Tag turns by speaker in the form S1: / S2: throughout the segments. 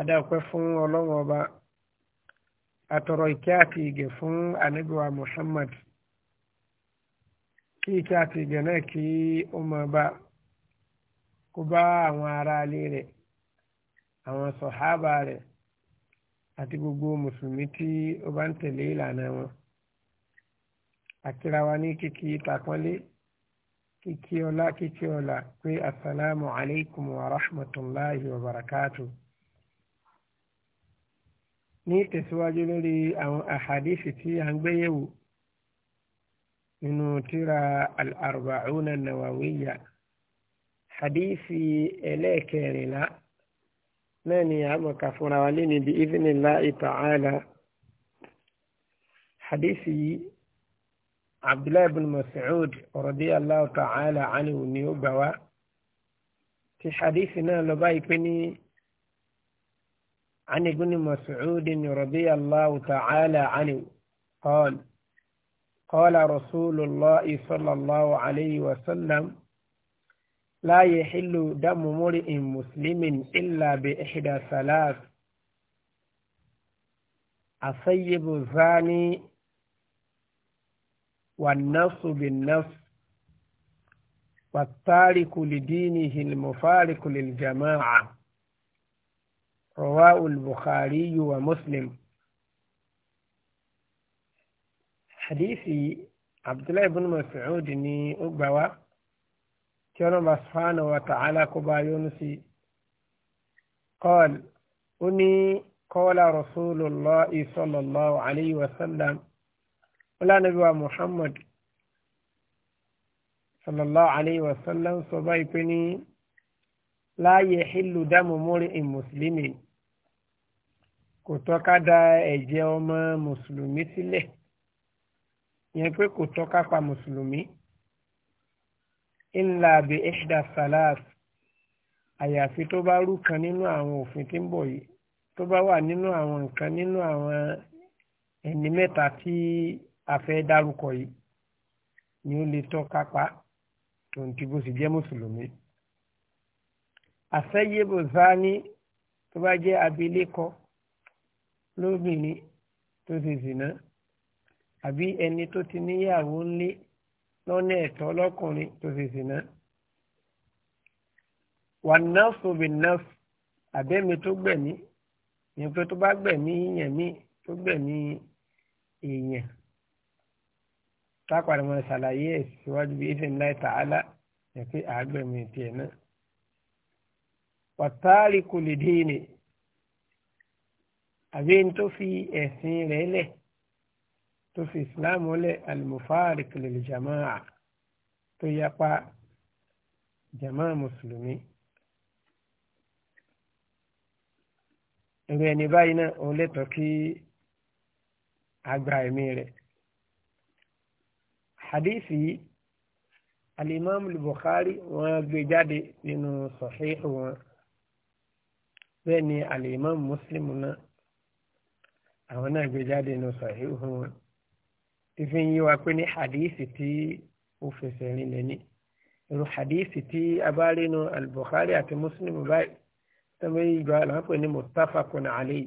S1: adáwọ̀pẹ́ fún ọlọ́run ọba àtọ̀rọ̀ ìkẹ́ àti ìgẹ̀ fún ànábìwá Muhammad kí ìkẹ́ àti ìgẹ̀ náà kí ó máa bá kó bá àwọn aráalé rẹ̀ àwọn sọ̀hábà rẹ̀ àti gbogbo mùsùlùmí tí ó bá ń tẹ̀lé ìlànà wọn àkírawa ní kíkí ìtàkọ́lé kíkí ọlá kíkí ọlá pé asalaamu alaykum wa rahmatulahi wa barakatuh ní ìtẹ̀síwájú lórí àwọn àhàdísì tí a ń gbéyẹ̀wò nínú tíra al-arba'una nawawiyya hadísì ẹlẹ́ẹ̀kẹrìnlá náà ni àmọ̀ka fúnra wa lé níbi bi'iznillahi ta'ala hadísì yìí abdullahi bin mas'ud radiyallahu ta'ala anhu ni ó gbà wá ti hadísì náà lọ báyìí pé ní. عن ابن مسعود رضي الله تعالى عنه قال قال رسول الله صلى الله عليه وسلم لا يحل دم امرئ مسلم إلا بإحدى ثلاث أصيب الزاني والنص بالنص والطارق لدينه المفارق للجماعة رواه البخاري ومسلم حديث عبد الله بن مسعود ني أقبوا كان سبحانه وتعالى كبا يونسي قال أني قال رسول الله صلى الله عليه وسلم ولا نبي محمد صلى الله عليه وسلم صبايبني láàyè hílù dámù múrí ìmùsùlùmí kò tọ́ ká da ẹ̀jẹ̀ ọmọ mùsùlùmí sílẹ̀ yẹn pé kò tọ́ ká pa mùsùlùmí ńlá bí ihda salat àyàfi tó bá rú kan nínú àwọn òfin tí ń bọ̀ yìí tó bá wà nínú àwọn nǹkan nínú àwọn ẹni mẹ́ta tí a fẹ́ dárúkọ yìí ni ó lè tọ́ pa tòun bó sì jẹ́ mùsùlùmí àṣẹyébò zání tó bá jẹ́ abilékọ lóbìnrin tó ti zìnà àbí ẹni tó ti níyàwó ńlé lọ́nà ẹ̀tọ́ lọ́kùnrin tó ti zìnà. wà nọ́ọ̀sì òbí nọ́ọ̀sì àbẹ́mi tó gbẹ̀mí ìyẹn pé tó bá gbẹ̀mí yẹn mí tó gbẹ̀mí èèyàn tápàdé wọn ṣàlàyé ẹ̀ síwájú bí ẹ̀fẹ̀ ńlá ìtàhálà ẹ̀ pé àágbẹ̀mí tiẹ̀ náà wàtálìkù lè dèèní àbí n tó fi ẹ̀sìn rẹ̀ lẹ̀ tó fi islam lẹ̀ alimufaarik lè jamaa tó yapa jamaa mùsùlùmí. ìrù ẹni báyìí náà òun lẹ́tọ̀ọ́ kí agba ẹ̀mí rẹ̀. hadithi alimami bukhari wọ́n gbé jáde nínú sọ̀híhù wọn bẹ́ẹ̀ ni al-Imam Muslim náà àwọn náà gbé jáde nù sàhíhù wọn ìfi ń yí wa pé ní hadisi tí ó fẹsẹ̀ rinlẹ̀ ní irú hadisi tí a bá rí nu al-Bukhari àti Muslim báyìí tọ́mọ ìgbà làwọn pè ní muttafaqun alayhi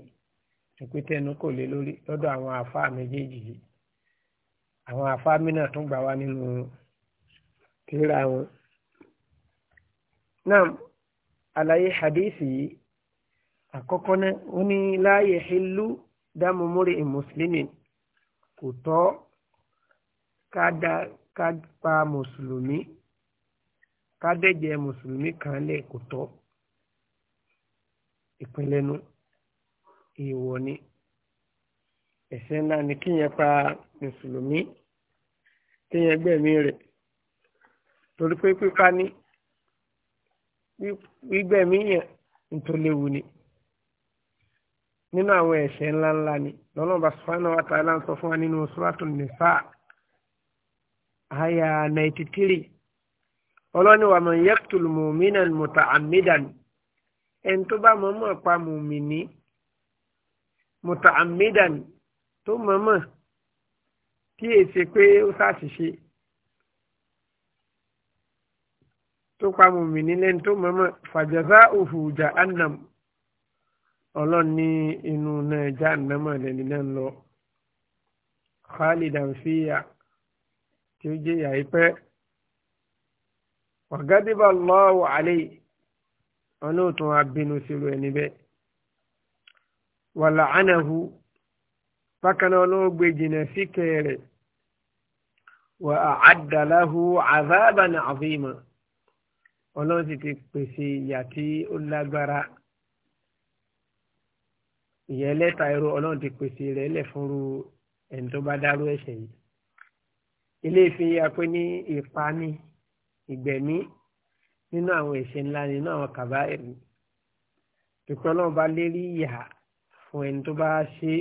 S1: ìpìtẹ́nu kò lé lórí lọ́dọ̀ àwọn àfa méjèèjì yìí àwọn àfa mìíràn tún gbà wá nínú tírà wọn. náà àlàyé hadisi yìí àkọ́kọ́ náà ó ní láàyè hìlú dámúmúrì mùsùlùmí kò tọ́ ká pa mùsùlùmí ká dẹ̀jẹ̀ mùsùlùmí kan lẹ̀ kò tọ́ ìpínlẹ̀ nu èèwọ̀ ni ẹ̀ṣẹ̀ ńlá ni kíyẹn pa mùsùlùmí kíyẹn gbẹ̀mí rẹ̀ torí pé pípa ní gbígbẹ̀mí yẹn ń tó léwu ni nínú àwọn ẹ̀ṣẹ̀ ńláńlá ni lọ́nà bá subhanahu wa ta'ala ń sọ fún wa nínú suratul nisa aya 93 ọlọ́ni wa man yaqtul mu'minan muta'ammidan ẹni tó bá mọ̀ọ́mọ̀ pa mùmìnì muta'ammidan tó mọ̀ọ́mọ̀ kí èsì pé ó ṣàṣìṣe tó pa mùmìnì lẹ́ni tó mọ̀ọ́mọ̀ fajaza'uhu jahannam ọlọ́run ní inú náà jahannama lẹ́ni náà ń lọ khalidan fiya tí ó jẹ́ ìyà ìpẹ́ wa ghadiba Allahu alayhi ọlọ́ọ̀tún abínú sílùú ẹni bẹ́ẹ̀ wa la'anahu bákan náà ọlọ́ọ̀gbẹ́ jìnnà síkẹ́ rẹ̀ wa a'adda lahu 'adhaban 'azima ọlọ́run sì ti pèsè ìyà tí ó lágbára ìyẹn ẹlẹ́ta ẹ̀rọ ọlọ́run ti pèsè rẹ̀ lẹ̀ fúnru ẹni tó bá dárú ẹ̀ṣẹ̀ yìí ilé ìfi apẹ ní ìpani ìgbẹ̀mí nínú àwọn ẹ̀ṣẹ̀ ńlá nínú àwọn kàbá ẹ̀mí ìpẹ́ ọlọ́run bá lérí ìyà fún ẹni tó bá ṣe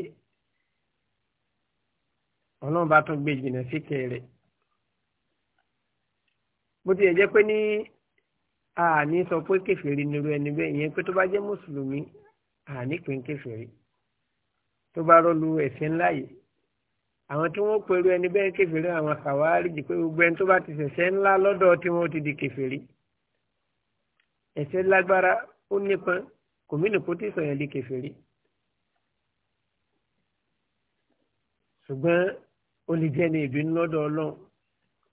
S1: ọlọ́run bá tún gbé jìnnà síkẹ̀ rẹ̀ bó tilẹ̀ jẹ́ pé ní àní sọ pé kèfèrí nírú ẹni bẹ́ẹ̀ ìyẹn pé tó bá jẹ́ mùsùlùmí ànípín kèfèrí tó bá rọlu ẹ̀sìn ńlá yìí àwọn tí wọ́n pẹ̀lú ẹni bẹ́ẹ̀ kèfèrí àwọn kàwáríjì pé gbogbo ẹni tó bá ti ṣẹ̀ṣẹ̀ ńlá lọ́dọ̀ tí wọ́n ti di kèfèrí ẹ̀ṣẹ̀ lágbára ó nípọn kòmínì kó tí sọ̀yàn di kèfèrí ṣùgbọ́n ó lè jẹ́ ní ìbínú lọ́dọ̀ ọlọ́run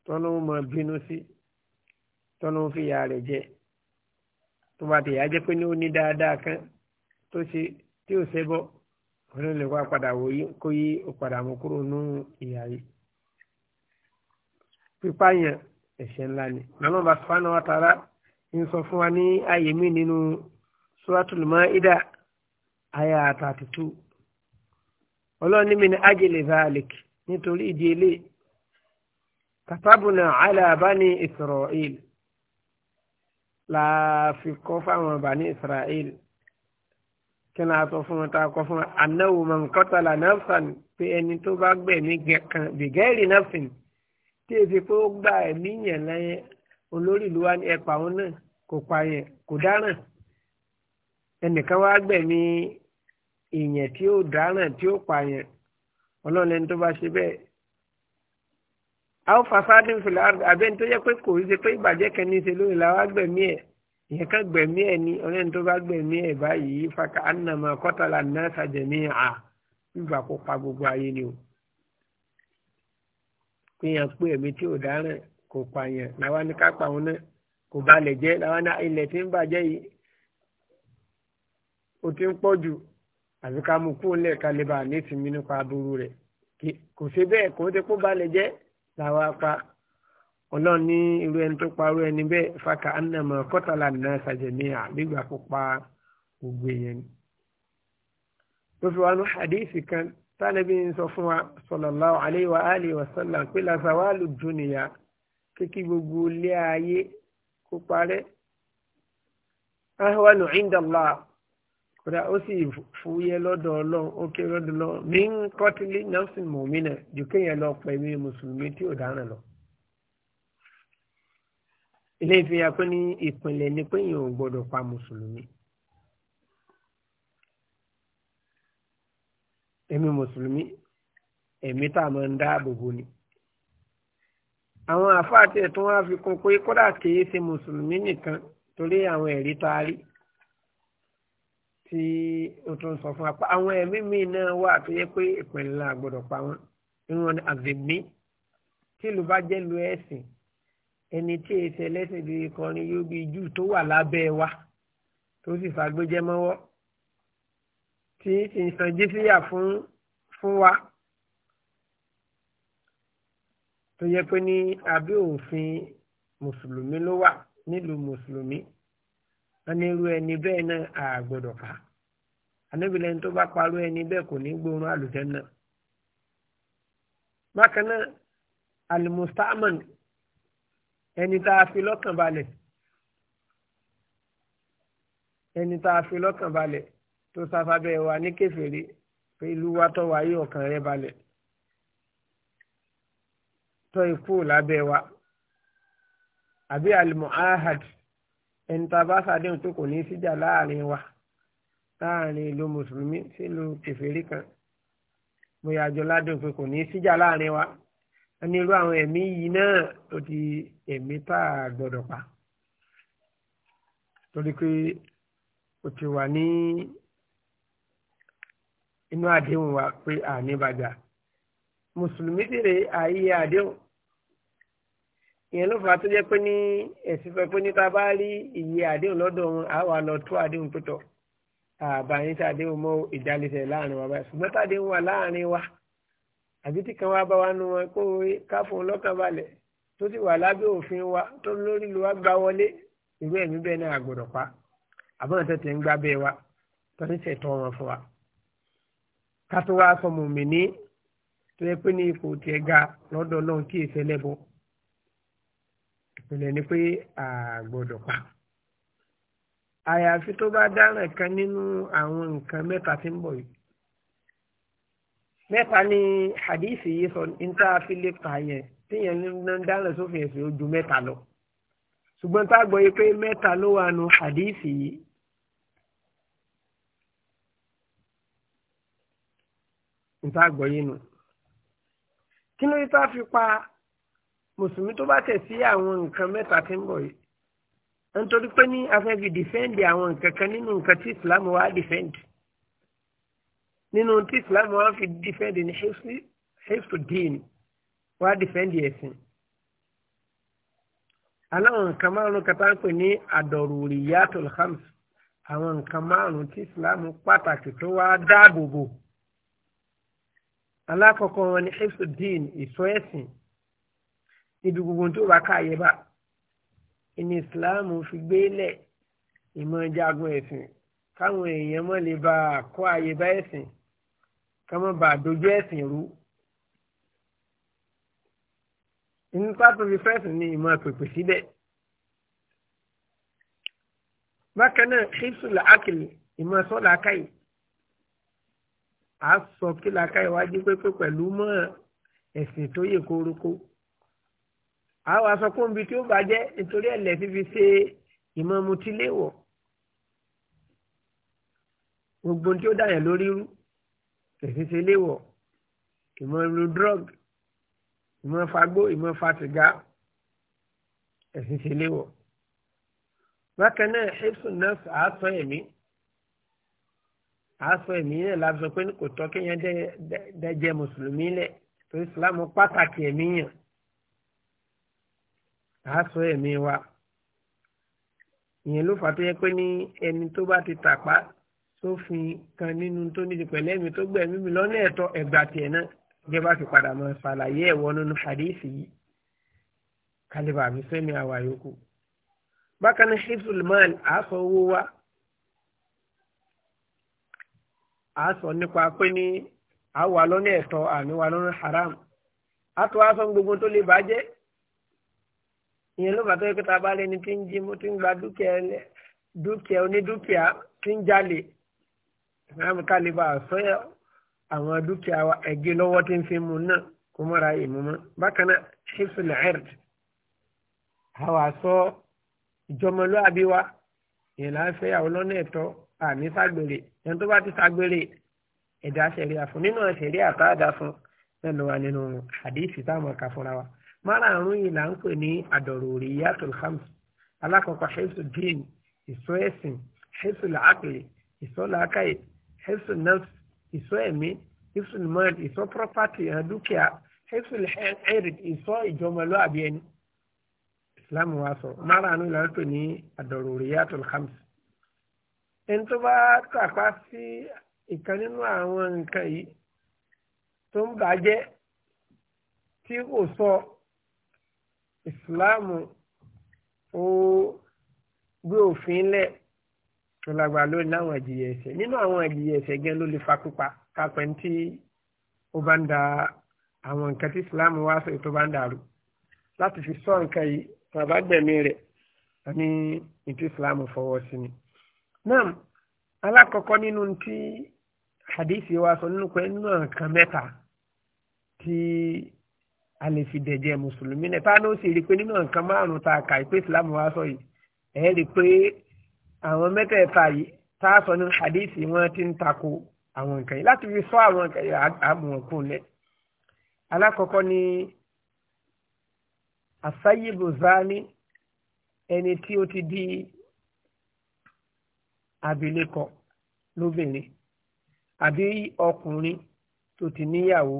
S1: tọ́nà ó mọ bínú sí tọ́nà ó fi yà rẹ̀ jẹ tó bá ti yà jẹ́ pé ní ó ní dáadáa kan tó ṣe tí ò ṣe bọ́ òun lè wá padà wòye kó yí ó padà mú kúrò nú ìyá yìí pípa yẹn ẹ̀ṣẹ̀ ńlá ni lọ́nà subhanahu wa ta'ala ń sọ fún wa ní ààyè mí nínú suratul maida aya thirty ọlọ́run ní mi ní ajli zalik nítorí ìdí katabuna ala bani isra'il la fi kọ́ fáwọn Kena ni a sọ fún wọn tá a kọ man qatala nafsan pé ẹni tó bá gbẹ̀mí kan bìgẹ́rì nafsin tí èsì pé ó gba ẹ̀mí yẹn lẹ́yìn olórí ìlú wa ní ẹ̀pà òun náà kò pààyàn kò dáràn ẹnìkan wá gbẹ̀mí èèyàn tí ó dáràn tí ó pààyàn ọlọ́run ẹni tó bá ṣe bẹ́ẹ̀ àwọn fasadin fìlà abẹ́ni tó yẹ pé kò í ṣe pé ìbàjẹ́ kẹ́ni ṣe lórí làwọn agbẹ̀mí ẹ̀ ìyẹn kan gbẹ̀mí ẹ̀ ni ọlẹ́ni tó bá gbẹ̀mí ẹ̀ báyìí faka anamọ kọ́tàlá nasa jẹ̀mí à nígbà kó pa gbogbo ayé ni o kéèyàn pé ẹ̀mí tí ò dáràn kò pààyàn làwọn ní ká pa òun náà kò balẹ̀ jẹ́ làwọn ní ilẹ̀ tí ń bàjẹ́ yìí ó ti ń pọ̀ jù àfi ká mú kúrò lẹ́ẹ̀ka lè bá ní ìsinmi nípa aburú rẹ̀ kò sí bẹ́ẹ̀ kò ń ṣe kó balẹ̀ jẹ́ làwọn apá ọlọ́run ní irú ẹni tó parú ẹni bẹ́ẹ̀ fàkà ànàmọ́ kọ́tàlá náà sàjẹ̀mí àbígbà kó pa gbogbo èèyàn ni. ló fi wá ní hadith kan tánàbí ń sọ fún wa sallallahu alayhi wa alihi wa sallam pé làṣàwálù dúnìyà kékeré gbogbo ilé ayé kó parẹ́. ahwanu inda Allah kódà ó sì fúyẹ́ lọ́dọ̀ ọlọ́run ó kéré lọ́dọ̀ ọlọ́run min qatli nafsin mu'mina jù kéèyàn lọ pẹ̀lú mùsùlùmí tí ò dáràn lọ ilé ìfihàn pé ní ìpìlẹ̀ ni pé èèyàn ò gbọ́dọ̀ pa mùsùlùmí. ẹ̀mí mùsùlùmí ẹ̀mí tá a máa ń dáàbò bò ni. àwọn àfáà tiẹ̀ tún wá fi kún pé kódà kìí ṣe mùsùlùmí nìkan torí àwọn ẹ̀rí tá a rí tí o tún sọ fún apá àwọn ẹ̀mí míì náà wà tó yẹ pé ìpìlẹ̀ la gbọ́dọ̀ pa wọ́n nínú àzèmí tí ìlú bá jẹ́ lu ẹ̀sìn ẹni tí èsì ẹlẹ́sìn bíi kọrin yóò bíi jù tó wà lábẹ́ wa tó sì fagbójẹ́ mọ́wọ́ tí sì san jísíyà fún fún wa tó yẹ pé ní abẹ́ òfin mùsùlùmí ló wà nílùú mùsùlùmí wọn ní irú ẹni bẹ́ẹ̀ náà àgbọ̀dọ̀ ká anábìlẹ̀ tó bá parọ́ ẹni bẹ́ẹ̀ kò ní gbóòórùn àlùjẹ́ náà bákan náà alimustaman ẹni tá a fi lọ́kàn balẹ̀ ẹni tá a fi lọ́kàn balẹ̀ tó sáfábẹ́ wa ní kẹfẹ́rẹ́ pé ìlú wa tọ́ wa yí ọkàn rẹ balẹ̀ tọ́ ikú lábẹ́ wa àbí al-mu'ahad ẹni tá a bá sàdéhùn tó kò ní síjà láàrin wa láàrin ìlú mùsùlùmí sílùú kẹfẹ́rẹ́ kan bóyá àjọ ládùn pé kò ní síjà láàrin wa ẹni irú àwọn ẹ̀mí yìí náà ó di ẹ̀mí tá a gbọ́dọ̀ pa torí pé ó ti wà ní inú àdéhùn wa pé àníbàjá mùsùlùmí dèrè àyè àdéhùn ìyẹn ló fà á tó jẹ́ pé ní ẹ̀sìn fẹ́ pé ní ta bá rí ìyè àdéhùn lọ́dọ̀ wọn á wà lọ tó àdéhùn pẹ̀tọ̀ àbáyé tá àdéhùn mọ́ láàrin wa báyìí ṣùgbọ́n tá wà láàrin wa àbí tí kan wá bá wa nu wọn kó káfọn lọ́kàn balẹ̀ tó sì wà lábẹ́ òfin wa tó lórí ló wá gbá wọlé ìwé ẹ̀mí bẹ́ẹ̀ náà àgbọ̀dọ̀ pa àbọ̀nà tó ti ń gbá bẹ́ẹ̀ wa tó ń ṣètọ́ wọn fún wa. ká tó wá sọ mùmíní tó yẹ pé ní ipò tiẹ̀ ga lọ́dọ̀ náà kí èsè lẹ́bọ̀ ìpìlẹ̀ ni pé àgbọ̀dọ̀ pa. àyàfi tó bá dáràn kan nínú àwọn nǹkan mẹ́ta tí ń bọ̀ yìí mẹ́ta ni hadisi yìí sọ níta fi lè kà yẹn tíyẹn ń dáná sófin ẹ̀sìn ojú mẹ́ta lọ ṣùgbọ́n tá a gbọ́ yìí pé mẹ́ta ló wà nù hadisi yìí. níta gbọ́ yìí nù kí ló tá a fi pa mùsùlùmí tó bá tẹ̀ sí àwọn nǹkan mẹ́ta tí ń bọ̀ yìí nítorí pé ní afẹ́fi dìfẹ́ǹdì àwọn nǹkan kan nínú nǹkan tí ìsìlámù wá dìfẹ́ǹdì nínú tí islam wọn fi dífẹ́ǹdì ní hefsu dín wá dífẹ́ǹdì ẹ̀sìn aláwọn nǹkan márùn kata ń pè ní adọ̀rùrìyàtul khams àwọn nǹkan márùn tí islam pàtàkì tó wá dáàbò bò alákọ̀ọ́kọ́ wọn ni hefsu dín ìsọ ẹ̀sìn níbi gbogbo tó bá káàyè bá ìní islam fi gbélẹ̀ ìmọ̀ jagun ẹ̀sìn káwọn èèyàn mọ̀ lè bá a kó àyè bá ẹ̀sìn kama má bàa dojú ẹ̀sìn rú nípa tó fi fẹ́sìn ní ìmọ̀ pèpè síbẹ̀ bákan náà hipsul akil ìmọ̀ sọ́lá káyì a sọ kí làákàyè wá pépé pẹ̀lú mọ́ ẹ̀sìn tó yẹ kórókó a wá sọ fún ibi tí ó bàjẹ́ nítorí ẹ̀lẹ́ fífi ṣe ìmọ̀ mutí gbogbo tí ó dàyàn lórí rú ẹ̀sìn ṣe léwọ̀ ìmọ̀ lu drug ìmọ̀ fagbó ìmọ̀ fatìgá ẹ̀sìn ṣe léwọ̀. bákan náà hibsun nurse àásọ ẹ̀mí àásọ ẹ̀mí náà la sọ pé kò tọ́ kéèyàn dẹ́jẹ́ mùsùlùmí lẹ̀ tó islam pàtàkì ẹ̀mí yàn àásọ ẹ̀mí wa ìyẹn ló fà tó yẹ pé ní ẹni tó bá ti tàpá sófin kan nínú tó nídìí pẹ̀lẹ́ mi tó gbẹ̀mí mi lọ́nà ẹ̀tọ́ ẹ̀gbà tiẹ̀ náà jẹba ti padà máa ṣàlàyé ẹ̀wọ́ nínú hadisi yìí kálíbà mi sẹ́mi àwa yòókù. bákan náà hifzul mal àásọ owó wa àásọ nípa pé ní àwa lọ́nà ẹ̀tọ́ àmì wa lọ́nà haram àtọ́ àásọ gbogbo tó lè bàjẹ́ ìyẹn ló bàtọ́ ìpẹ́ta bá lẹ́ni tí ń jí mo ti ń gba dúkìá onídúkìá tí ń jalè ìmáàmù kálíbà sọ àwọn dúkìá wa ẹ̀gẹ́ lọ́wọ́ tí ń fi mu náà kó mọ́ra ìmú mọ́ bákan náà ṣífù nàìjíríà àwa sọ ìjọmọlúàbí wa ìyẹn là ń fẹ́ àwọn lọ́nà ẹ̀tọ́ àmì ságbèrè ẹni tó bá ti ságbèrè ẹ̀dá ṣẹ̀ríà fún nínú ṣẹ̀ríà àtàdá fún mẹ́nu wa nínú hadisi táwọn ọ̀ka fúnra wa márààrún yìí là ń pè ní àdọ̀rọ̀rì yàtọ̀ hams alákọ̀ọ́kọ́ ṣẹ́sù dín ìsọ ẹ̀sìn ṣẹ́sù làákìlì ìsọ làákàyè hefsul nafs ìṣọ́ ẹ̀mí hefsul mal ìṣọ́ property hàn dúkìá hefsul erid ìṣọ́ ìjọmọlúàbí ẹni islam wa sọ mara àánú ìlànà tó ní ad-daruriyatul khams ẹni tó bá tàpá sí ìkan nínú àwọn nǹkan yìí tó ń bàjẹ́ tí kò sọ ìsìláàmù ó gbé òfin lẹ̀ tó lágbára lórí láwọn ìjìyà ẹ̀ṣẹ̀ nínú àwọn ìjìyà ẹ̀ṣẹ̀ gẹ́ ló lè fa pípa kápẹ́ tí ó bá ń da àwọn nǹkan tí Islam wá sọ tó bá ń dàrú láti fi sọ nǹkan yìí bàbá rẹ̀ ní ìtú Islam fọwọ́ sí ni. náà alákọ̀ọ́kọ́ nínú tí hadisi wa sọ nínú pé nínú nǹkan mẹ́ta tí a lè fi dẹ̀jẹ̀ mùsùlùmí náà táwọn ó sì rí i pé nínú nǹkan márùn-ún tá a kà í pé Islam wá sọ yìí ẹ̀ rí i pé àwọn mẹ́tẹ̀ẹ̀ta yìí tá a sọ ní hadithi wọn ti ń tako àwọn nǹkan yìí láti fi sọ àwọn nǹkan yìí àmùwọ̀nkùn lẹ̀ alákọ̀ọ́kọ́ ni asayibu zani ẹni tí ó ti di abilékọ lóbìnrin àbí ọkùnrin tó ti níyàwó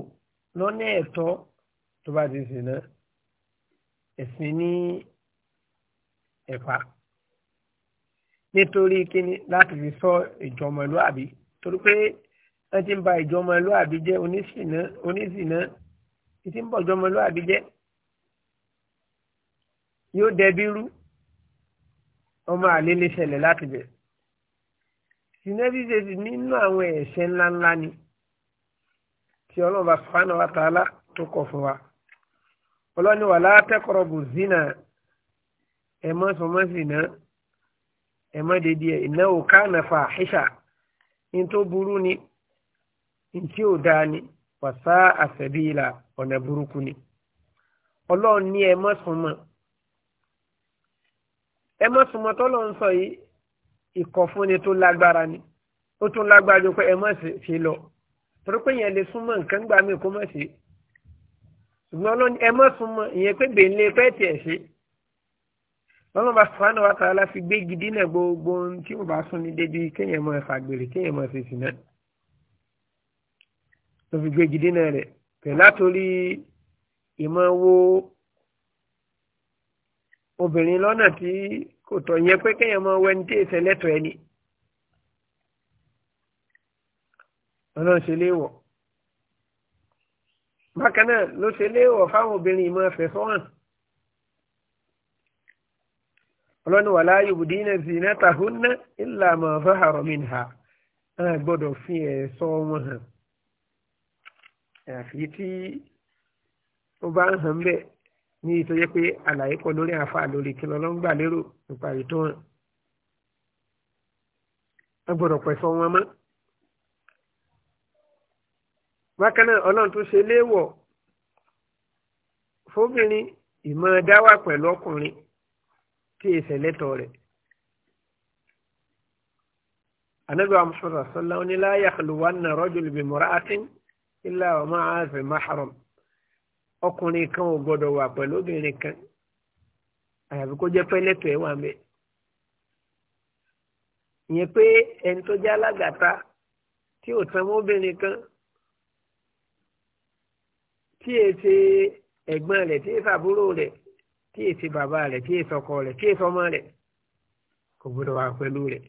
S1: lọ́nà ẹ̀tọ́ tó bá ti sìn náà ẹ̀sìn ní ẹ̀fà. E nítorí kíni láti fi sọ ìjọmọlúàbí torí pé wọ́n ti ń ba ìjọmọlúàbí jẹ́ oníṣìnà oníṣìnà ti ń bọ̀ ìjọmọlúàbí jẹ́ yóò dẹbi rú ọmọ àlè lè ṣẹlẹ̀ láti bẹ̀. sinẹ́bíṣẹ́sì nínú àwọn ẹ̀ṣẹ̀ ńláńlá ni tí ọlọ́run bá sọ́hánà wa tààlà tó kọ̀ fún wa ọlọ́ni wà látẹ́kọ̀rọ̀ bù zina ẹ̀ mọ́ sọmọ́ ẹ má dédé ẹ ìnáwó kánà fàáhíṣà ní tó burú ni ní tí ò dáa ni wàsá àṣẹbíìlà ọ̀nà burúkú ni ọlọ́run ní ẹ má súnmọ́ ẹ má súnmọ́ tọ́lọ́ ń sọ yìí ìkọ̀fúnni tó lágbára ni ó tún lágbára ju pé ẹ má lọ torí pé yẹn lè súnmọ́ nǹkan gbà mí kó má ṣe ṣùgbọ́n ọlọ́run súnmọ́ ìyẹn pé bèèlè pẹ́ẹ́tì ẹ̀ ṣe lọ́nà bá sùfàánù wa tààlà fi gbé gidi náà gbogbo ohun tí wọ́n bá sún ní débi kéèyàn mọ́ ẹ̀fà gbèrè kéèyàn mọ́ ẹ̀fẹ̀sì náà ló fi gbé gidi náà rẹ̀ pẹ̀ látòrí ìmọ̀ wo obìnrin lọ́nà tí kò tọ́ yẹn pé kéèyàn mọ́ wẹ́ni tí èsẹ̀ lẹ́tọ̀ọ́ ẹni ọlọ́run ṣe léèwọ̀ bákan náà ló ṣe léèwọ̀ fáwọn obìnrin ìmọ̀ ẹ̀fẹ̀ fọ́hàn ọlọ́ni wàlá yubdina zinatahunna illa ma zahara minha náà gbọ́dọ̀ fi ẹ̀ṣọ́ wọn hàn àfi tí ó bá ń hàn bẹ́ẹ̀ ní ìtọ́jẹ́ pé àlàyé kọ lórí àfa lórí kí lọ́lọ́ ń gbà lérò nípa ètò hàn wọ́n gbọ́dọ̀ pẹ̀sọ́ wọn mọ́. bákan náà ọlọ́run tó ṣe léèwọ̀ fóbìnrin ìmọ̀ dáwà pẹ̀lú ọkùnrin tí èsè lẹ́tọ̀ rẹ̀. anabi wa muhammad sallallahu ni la yakhluwanna rajul bi mura'atin illa wa ma'a fi mahram ọkùnrin kan ò gbọdọ̀ wà pẹ̀lú obìnrin kan àyàfi kó jẹ́ pé lẹ́tọ̀ ẹ̀ wà mẹ́ ìyẹn pé ẹni tó jẹ́ alágàtà tí ò tán mọ́bìnrin kan tí èsè ẹ̀gbọ́n rẹ̀ tí èsè àbúrò rẹ̀ tí èsì bàbá rẹ̀ tí èsì ọkọ rẹ̀ tí èsì ọmọ rẹ̀ kò gbọdọ̀ wà pẹ̀lú rẹ̀.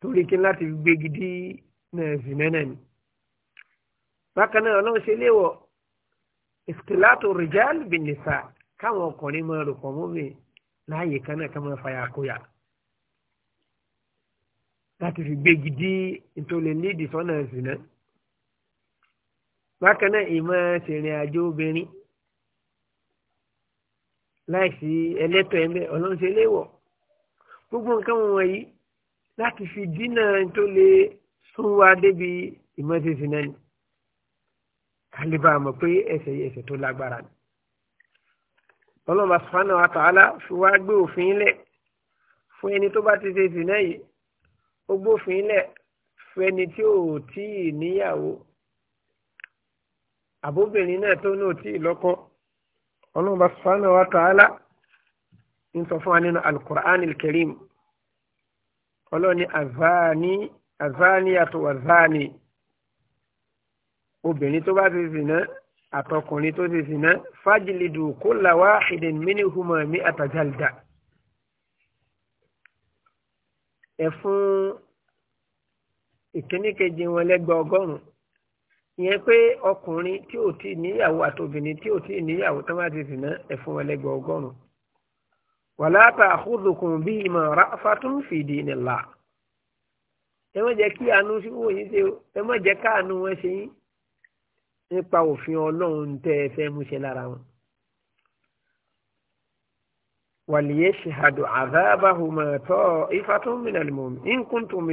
S1: torí kí n láti gbé gidi náà zinẹ́nà ni. bákan náà ọlọ́run ṣe léwọ̀ ìsìkìlátò rìjálì bìnnìsà káwọn ọkùnrin máa rò pọ̀ mọ́mì láàyè kan náà ká máa fàyà kóyà. láti fi gbé gidi nítorí lídìí sọ́nà zinẹ́nà bákan náà ìmọ̀ ṣèrìn àjò obìnrin láìsí ẹlẹ́tọ̀ ẹ̀mẹ́ ọlọ́nṣẹ́ léwọ̀ gbogbo nǹkan wọ̀nyí láti fi dínà tó lè sún wa débi ìmọ̀ ṣèṣìn náà ni kálíbà mọ̀ pé ẹsẹ̀ yìí ẹsẹ̀ tó lágbára ni ọlọ́mọba sùfánà àtàlà fi wá gbé òfin lẹ̀ fún ẹni tó bá ti ṣe ìsìn náà yìí ó gbófin lẹ̀ fún ẹni tí ò tíì níyàwó àbóbìnrin náà tó náà tí ìlọ́kọ́ ọlọ́run bá subhanahu wa ta'ala ń sọ fún wa nínú alukur'an alkarim ọlọ́run ní azani azani àti wazani obìnrin tó bá ti zìnà àtọkùnrin tó ti zìnà fájìlìdù kulla wahidin minhuma mi'ata jalda ẹ fún ìkíníkejì wọn lẹ́gbẹ̀ẹ́ ọgọ́rùn-ún ìyẹn pé ọkùnrin tí ò tí níyàwó àtòbìnrin tí ò tí níyàwó tó bá ti dìná ẹ̀fún ẹlẹ́gbẹ̀ ọgọ́rùn. wàlá ta'khudhukum bihima ra'fatun fi dinillah. ẹ má jẹ́ kí àánú síwò yín ṣe ẹ má jẹ́ káàánú wọn ṣe yín nípa òfin ọlọ́run tẹ́ ẹ fẹ́ mú ṣe lára wọn. وليشهد عذابهما طائفة من المؤمنين إن كنتم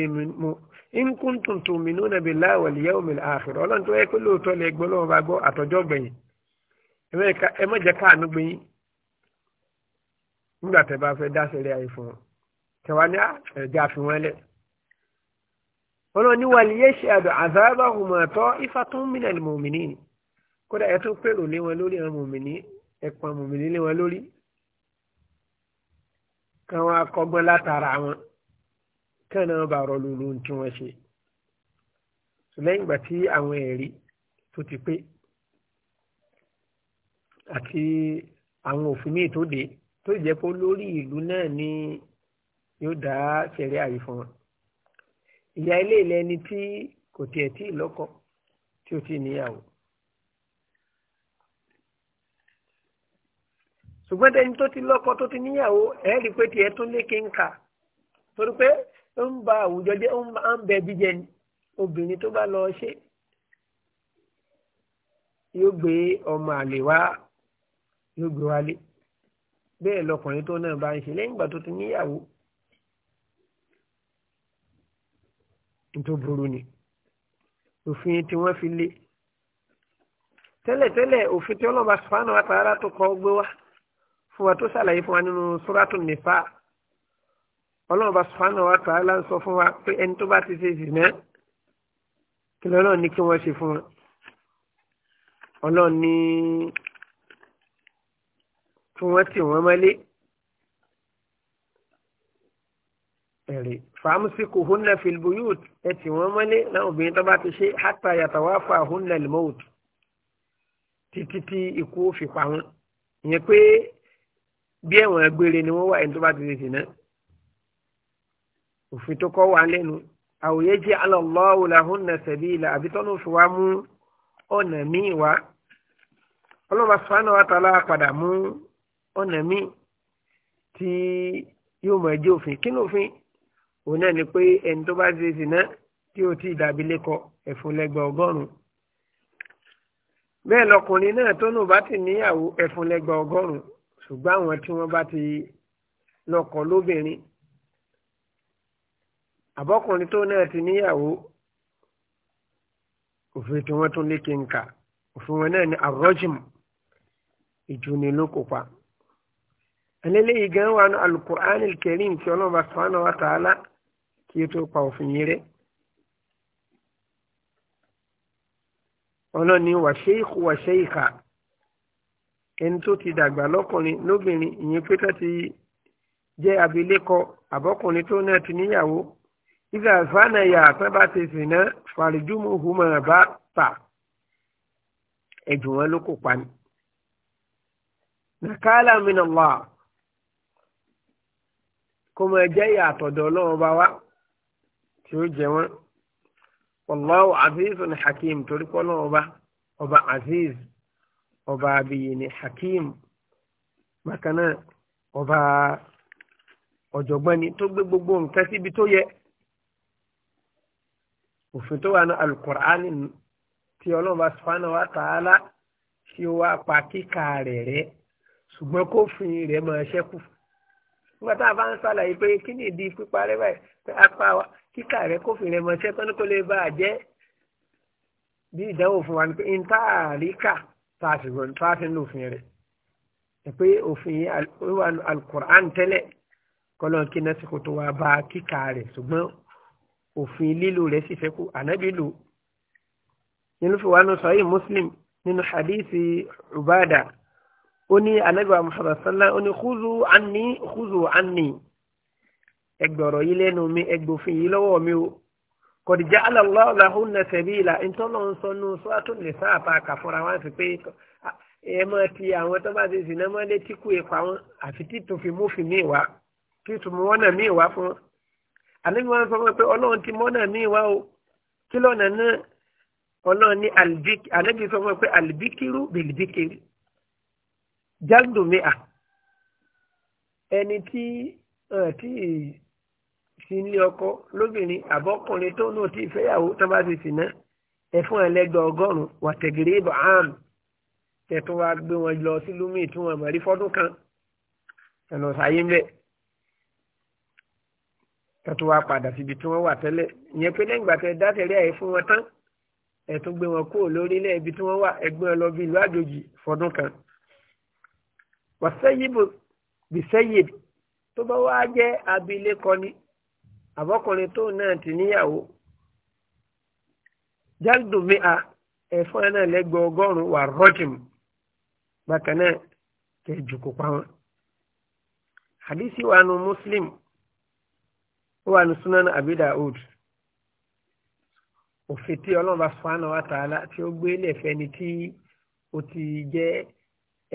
S1: إن كنتم تؤمنون بالله واليوم الآخر Ọlọ́run tó yẹ kó lóòótọ́ lè gbọ́ lọ́wọ́ bá gbọ́ àtọ́jọ́ gbẹ̀yìn ẹ má jẹ́ káàánú gbẹ̀yìn nígbà tẹ́ bá fẹ́ dáṣẹ́lẹ̀ ayé fún wọn tẹ̀wá ní ẹ̀jẹ̀ àfihàn lẹ̀. Ọlọ́run ní وليشهد عذابهما طائفة من المؤمنين kódà ẹ tún pèrò lé wọn lórí àwọn mòmìnì ẹ̀pọ̀n mòmìnì lé wọn lórí káwọn akọ́gbọ́n látara wọn kàn náà bá rọ lulu tí wọ́n ṣe lẹ́yìn ìgbà tí àwọn ẹ̀rí tó ti pé àti àwọn òfin míì tó dé tó jẹ́ pé olórí ìlú náà ni yóò dá ṣẹ̀rí àyè fún wọn ìyá ilé ilẹ̀ ẹni tí kò tiẹ̀ tí ì lọ́kọ tí ó ti níyàwó ṣùgbọ́n tẹ́ni tó ti lọ́kọ tó ti níyàwó ẹ̀ rí pé tiẹ̀ tún lé kínka torí pé ó ń ba àwùjọ jẹ́ ó ń bẹ bí jẹ ni obìnrin tó bá lọ ṣe yóò gbé ọmọ àlè wá yóò gbé wálé bẹ́ẹ̀ lọkùnrin tó náà bá ń ṣe lẹ́yìn ìgbà tó ti níyàwó tó burú ni òfin tí wọ́n fi lé tẹ́lẹ̀tẹ́lẹ̀ òfin tí ọlọ́ba sùpánù àtàrà tó kọ́ gbé wá fún wa tó ṣàlàyé fún wa nínú sóràtún nìfà ọlọ́run bá sùfàánù wa tó àlà ń sọ fún wa pé ẹni tó bá ti ṣe zìnà kí lọ́lọ́run ní kí wọ́n ṣe fún wọn ọlọ́run ní kí wọ́n tì wọ́n mọ́lé ẹ̀rì fàámùsíkù húnnà filbuyut ẹ tì wọ́n mọ́lé náà obìnrin tó bá ti ṣe hátà yàtàwáfà húnnà lmọ́ọ̀tù títí tí ikú fi pa wọn ìyẹn pé bí ẹ̀wọ̀n gbére ni wọ́n wà ẹni tó bá ti tètè náà òfin tó kọ́ wà lẹ́nu àwòyé jẹ́ alọ́lọ́wọ́ làhùn náà sẹ̀bí ilà àbí tọ́nù fi wá mú ọ̀nà míì wá ọlọ́ba sùfàánù àtàlà padà mú ọ̀nà míì tí yóò mọ̀ ẹjẹ́ òfin kí lófin òun náà ni pé ẹni tó bá ti tètè náà tí ó ti dàbí lẹ́kọ̀ọ́ ẹ̀fún lẹ́gbà ọgọ́rùn bẹ́ẹ̀ lọkùnrin náà tó nù bá ti níyàwó ẹ̀fún lẹ́gbà ọgọ́rùn ṣùgbọ́n àwọn tí wọ́n bá ti lọ́kọ lóbìnrin àbọ́kùnrin tó náà ti níyàwó òfin tí wọ́n tún lékè ńkà òfin wọn náà ni arọ́jìm ìjùnilókòpa eléyìí gan wà ní alukur'an kẹrin tí ọlọ́run bá sọ́nà wa tààlà kí ó tó pa òfin yìí rẹ̀. ọlọ́ni wà ṣéèkù wà ṣéèkà ẹni tó ti dàgbà lọ́kùnrin lóbìnrin ìyẹn pété ti jẹ́ abilékọ àbọ́kùnrin tó náà ti níyàwó ìgbà fánàyà tán bá ti sìn náà fàrìjúmù hùmọ̀ bá tà ẹ̀jù wọn ló kò pani. nàkàlà minallah kó máa jẹ́ ìyàtọ̀dọ̀ ọlọ́run bá wá tí ó jẹ wọn. wallahu azizun hakim torí pé ọlọ́run bá ọba aziz ọba abiyi ni hakim bákan náà ọba ọ̀jọ̀gbọ́n ni tó gbé gbogbo nǹkan síbi tó yẹ òfin tó wà ní alukur'ani tí ọlọ́run bá sọ́nà wa tààlà tí ó wá pa kíkà rẹ̀ rẹ̀ ṣùgbọ́n kófin rẹ̀ máa ṣẹ́kù nígbà tá a bá ń ṣàlàyé pé kí ni ìdí píparẹ́ báyìí pé apá kíkà rẹ̀ kófin rẹ̀ máa ṣẹ́kù ní kò lè bá a jẹ́ bí ìdánwò fún wa ni pé n tààfin gbọ́dọ̀ tààfin lófin rẹ̀ pé òfin wíwà alukur'an tẹ́lẹ̀ kọ́lọ́n kí náà sì kó tó wá bá kíkà rẹ̀ ṣùgbọ́n òfin lílo rẹ̀ sì fẹ́ kú ànábì lò nínú fi wánú sọ yìí muslim nínú hadithi ubada ó ní ànábì wa muhammad sallam ó ní khuzu anni khuzu anni ẹgbọ̀rọ̀ yìí lẹ́nu mi ẹgbòfin yìí lọ́wọ́ mi o kòdì jẹ́ alàlọ́ làhùn nà sẹ̀bíìlà ìtọ́nà ń sọ nù sọ́ àtún lè sá àpá àkàfọ́ra wọn fi pé ẹ máa ti àwọn tó bá ti sìn náà máa lé tíkù ipa wọn àfi títún fi mú fi míì wá títún wọn náà míì wá fún wọn. wọn sọ wọn pé ọlọ́run ti mọ́ náà míì wá o kí lọ́nà náà ọlọ́run ní àlìbíkì àníbi sọ wọn pé àlìbíkìrú bèlìbíkìrú jágùnmíà ẹni tí tí ti ní ọkọ lóbìnrin àbọ́kùnrin tó náà ti fẹ́yàwó tó bá ti sìnà ẹ̀fún ẹlẹ́gbẹ̀ ọgọ́rùn-ún wàtẹ̀gẹ̀rẹ̀ ibrahim tẹ̀tún wa gbé wọn lọ sí lumi tí wọn mọ̀ rí fọ́dún kan ẹ̀nà ṣayé ń bẹ̀ tẹ̀tún wa padà síbi tí wọ́n wà tẹ́lẹ̀ ìyẹn pé lẹ́yìn ìgbà tẹ dátẹ̀rẹ́ àyè fún wọn tán ẹ̀tún gbé wọn kúrò lórílẹ̀ ibi tí wọ́n wà ẹgbẹ́ wọn lọ bí ìlú àjòjì fọ́dún kan wàsẹ́yìbò bìsẹ́yìbò tó bá wá jẹ́ abilékọ ni àbọ́kùnrin tó náà ti níyàwó jálùdù mi a ẹ̀fọ́ ẹ̀ náà lẹ́gbẹ̀ẹ́ ọgọ́rùn-ún wà rọ́jìm bákan náà kẹ́ jùkú pa wọn. hadisi wa nu muslim wa nu sunan abi daud òfin tí ọlọ́run subhanahu wa ta'ala tí ó gbé lẹ́fẹ̀ẹ́ ni tí ó ti jẹ́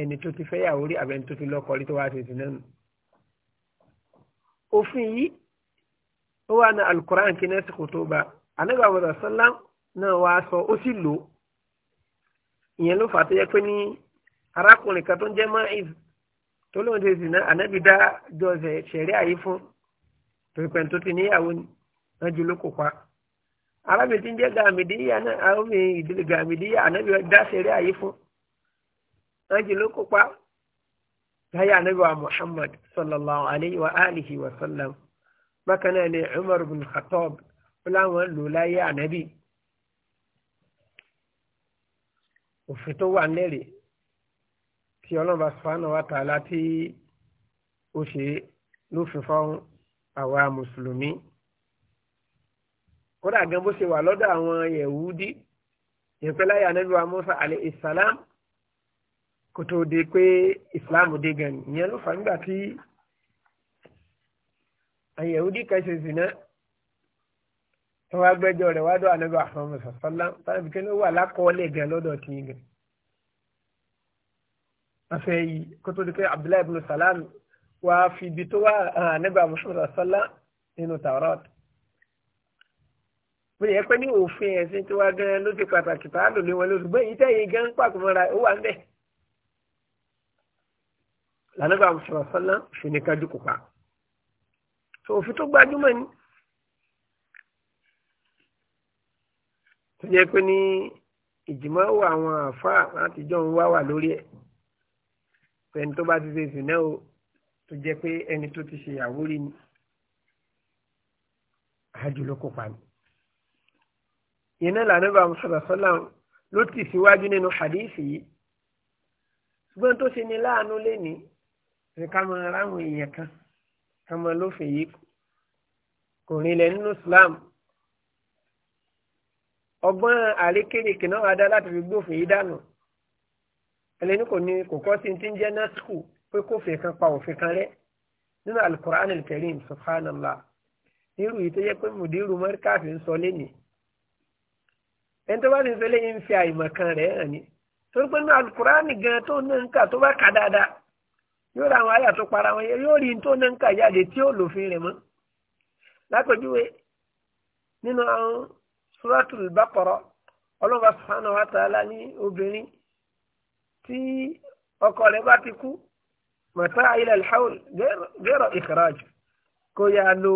S1: ẹni tó ti fẹ́yàwó rí àbẹ́ni tó ti lọ́kọ rí tó wá ti dì náà. òfin yìí ó wà ní alukoran kí náà ti kò tó bá anabi abudulayi sallam náà wá sọ ó sì lò ìyẹn ló fà tó yẹ pé ní arákùnrin kan tó ń jẹ́ Ma'iz tó lóun ti sìn náà anabi dá jọ ṣẹ̀rí àyè fún torí pẹ̀lú tó ti níyàwó ni wọ́n ju lóko pa arábìnrin tí ń jẹ́ gàmìdíyà náà àwọn ìdílé gàmìdíyà anabi dá ṣẹ̀rí àyè fún wọ́n ju lóko pa láyé anabi wa Muhammad sallallahu alayhi wa alihi wa sallam bákan náà ni Umar bin Khattab láwọn lò láyé ànábì òfin tó wà nílẹ̀ tí ọlọ́run bá subhanahu wa ta'ala tí ó ṣe lófin fáwọn àwa mùsùlùmí kódà gan bó ṣe wà lọ́dọ̀ àwọn yẹ̀wúdí ìpínlẹ̀ yanabiwa musa alayhi salam kò tó de pé islam dé gan ìyẹn ló fà nígbà tí àyẹ̀wòdì kan ṣe zìnà tó wá gbẹ́jọ́ rẹ̀ wá dọ̀ ànábì àfọ̀mù sọ̀sọ́lá táwọn ibi kẹ́ni ó wà lákọọ́lẹ̀ gan lọ́dọ̀ tí ń gan. afẹ́ yìí kó tó di pé abdullahi ibn salam wá fi ibi tó wá ànábì àfọ̀mù sọ̀sọ́lá nínú tawrat. mo yẹ pé ní òfin ẹ̀sìn tí wá gan ló ti pàtàkì tá a lò lé wọn lórí gbé ìtẹ̀yìn gan pàkúmọ́ra ó wà ń bẹ̀. lànà so òfin tó gbajúmọ̀ ni tó jẹ́ pé ní ìjìmọ̀ wo àwọn àfáà láti jọ ń wá wà lórí ẹ̀ ẹni tó bá ti ṣe ìsìn náà o tó jẹ́ pé ẹni tó ti ṣe ìyàwó rí ni àjò ló kópa ni ìyẹn náà lànà bá mùsùlùmí sọ́lá ló ti síwájú nínú hadisi yìí ṣùgbọ́n tó ṣe ni láàánú lé ní ẹ̀ka mọ̀ ara àwọn èèyàn kan ọmọ فيك كوني kò rinlẹ̀ nínú Islam ọgbọ́n àrékérekè náà wà dá láti fi gbófin yìí dànù ẹlẹ́ni kò ní kò kọ́ sí ti ń jẹ́ násìkò pé kófin kan pa òfin kan rẹ́ nínú alukur'an alkarim subhanallah irú yìí tó yẹ pé mùdírù mọ́ríkàfì ń sọ lẹ́nìí ẹni tó bá ní sọ lẹ́yìn ń fi àìmọ̀ kan rẹ̀ hàn ní torí pé nínú alukur'an gan tó náà ń tó bá kà dáadáa yóò ra àwọn àyà tó para wọn yóò rí tó náà ń kà jáde tí ó lòfin rẹ̀ mọ́ lápèjúwe nínú àwọn suratul baqara ọlọ́ba subhanahu wa ta'ala ní obìnrin tí ọkọ rẹ̀ bá ti kú mọ̀tá ilẹ̀ alhaul gẹ́rọ ikhraj kó yá lo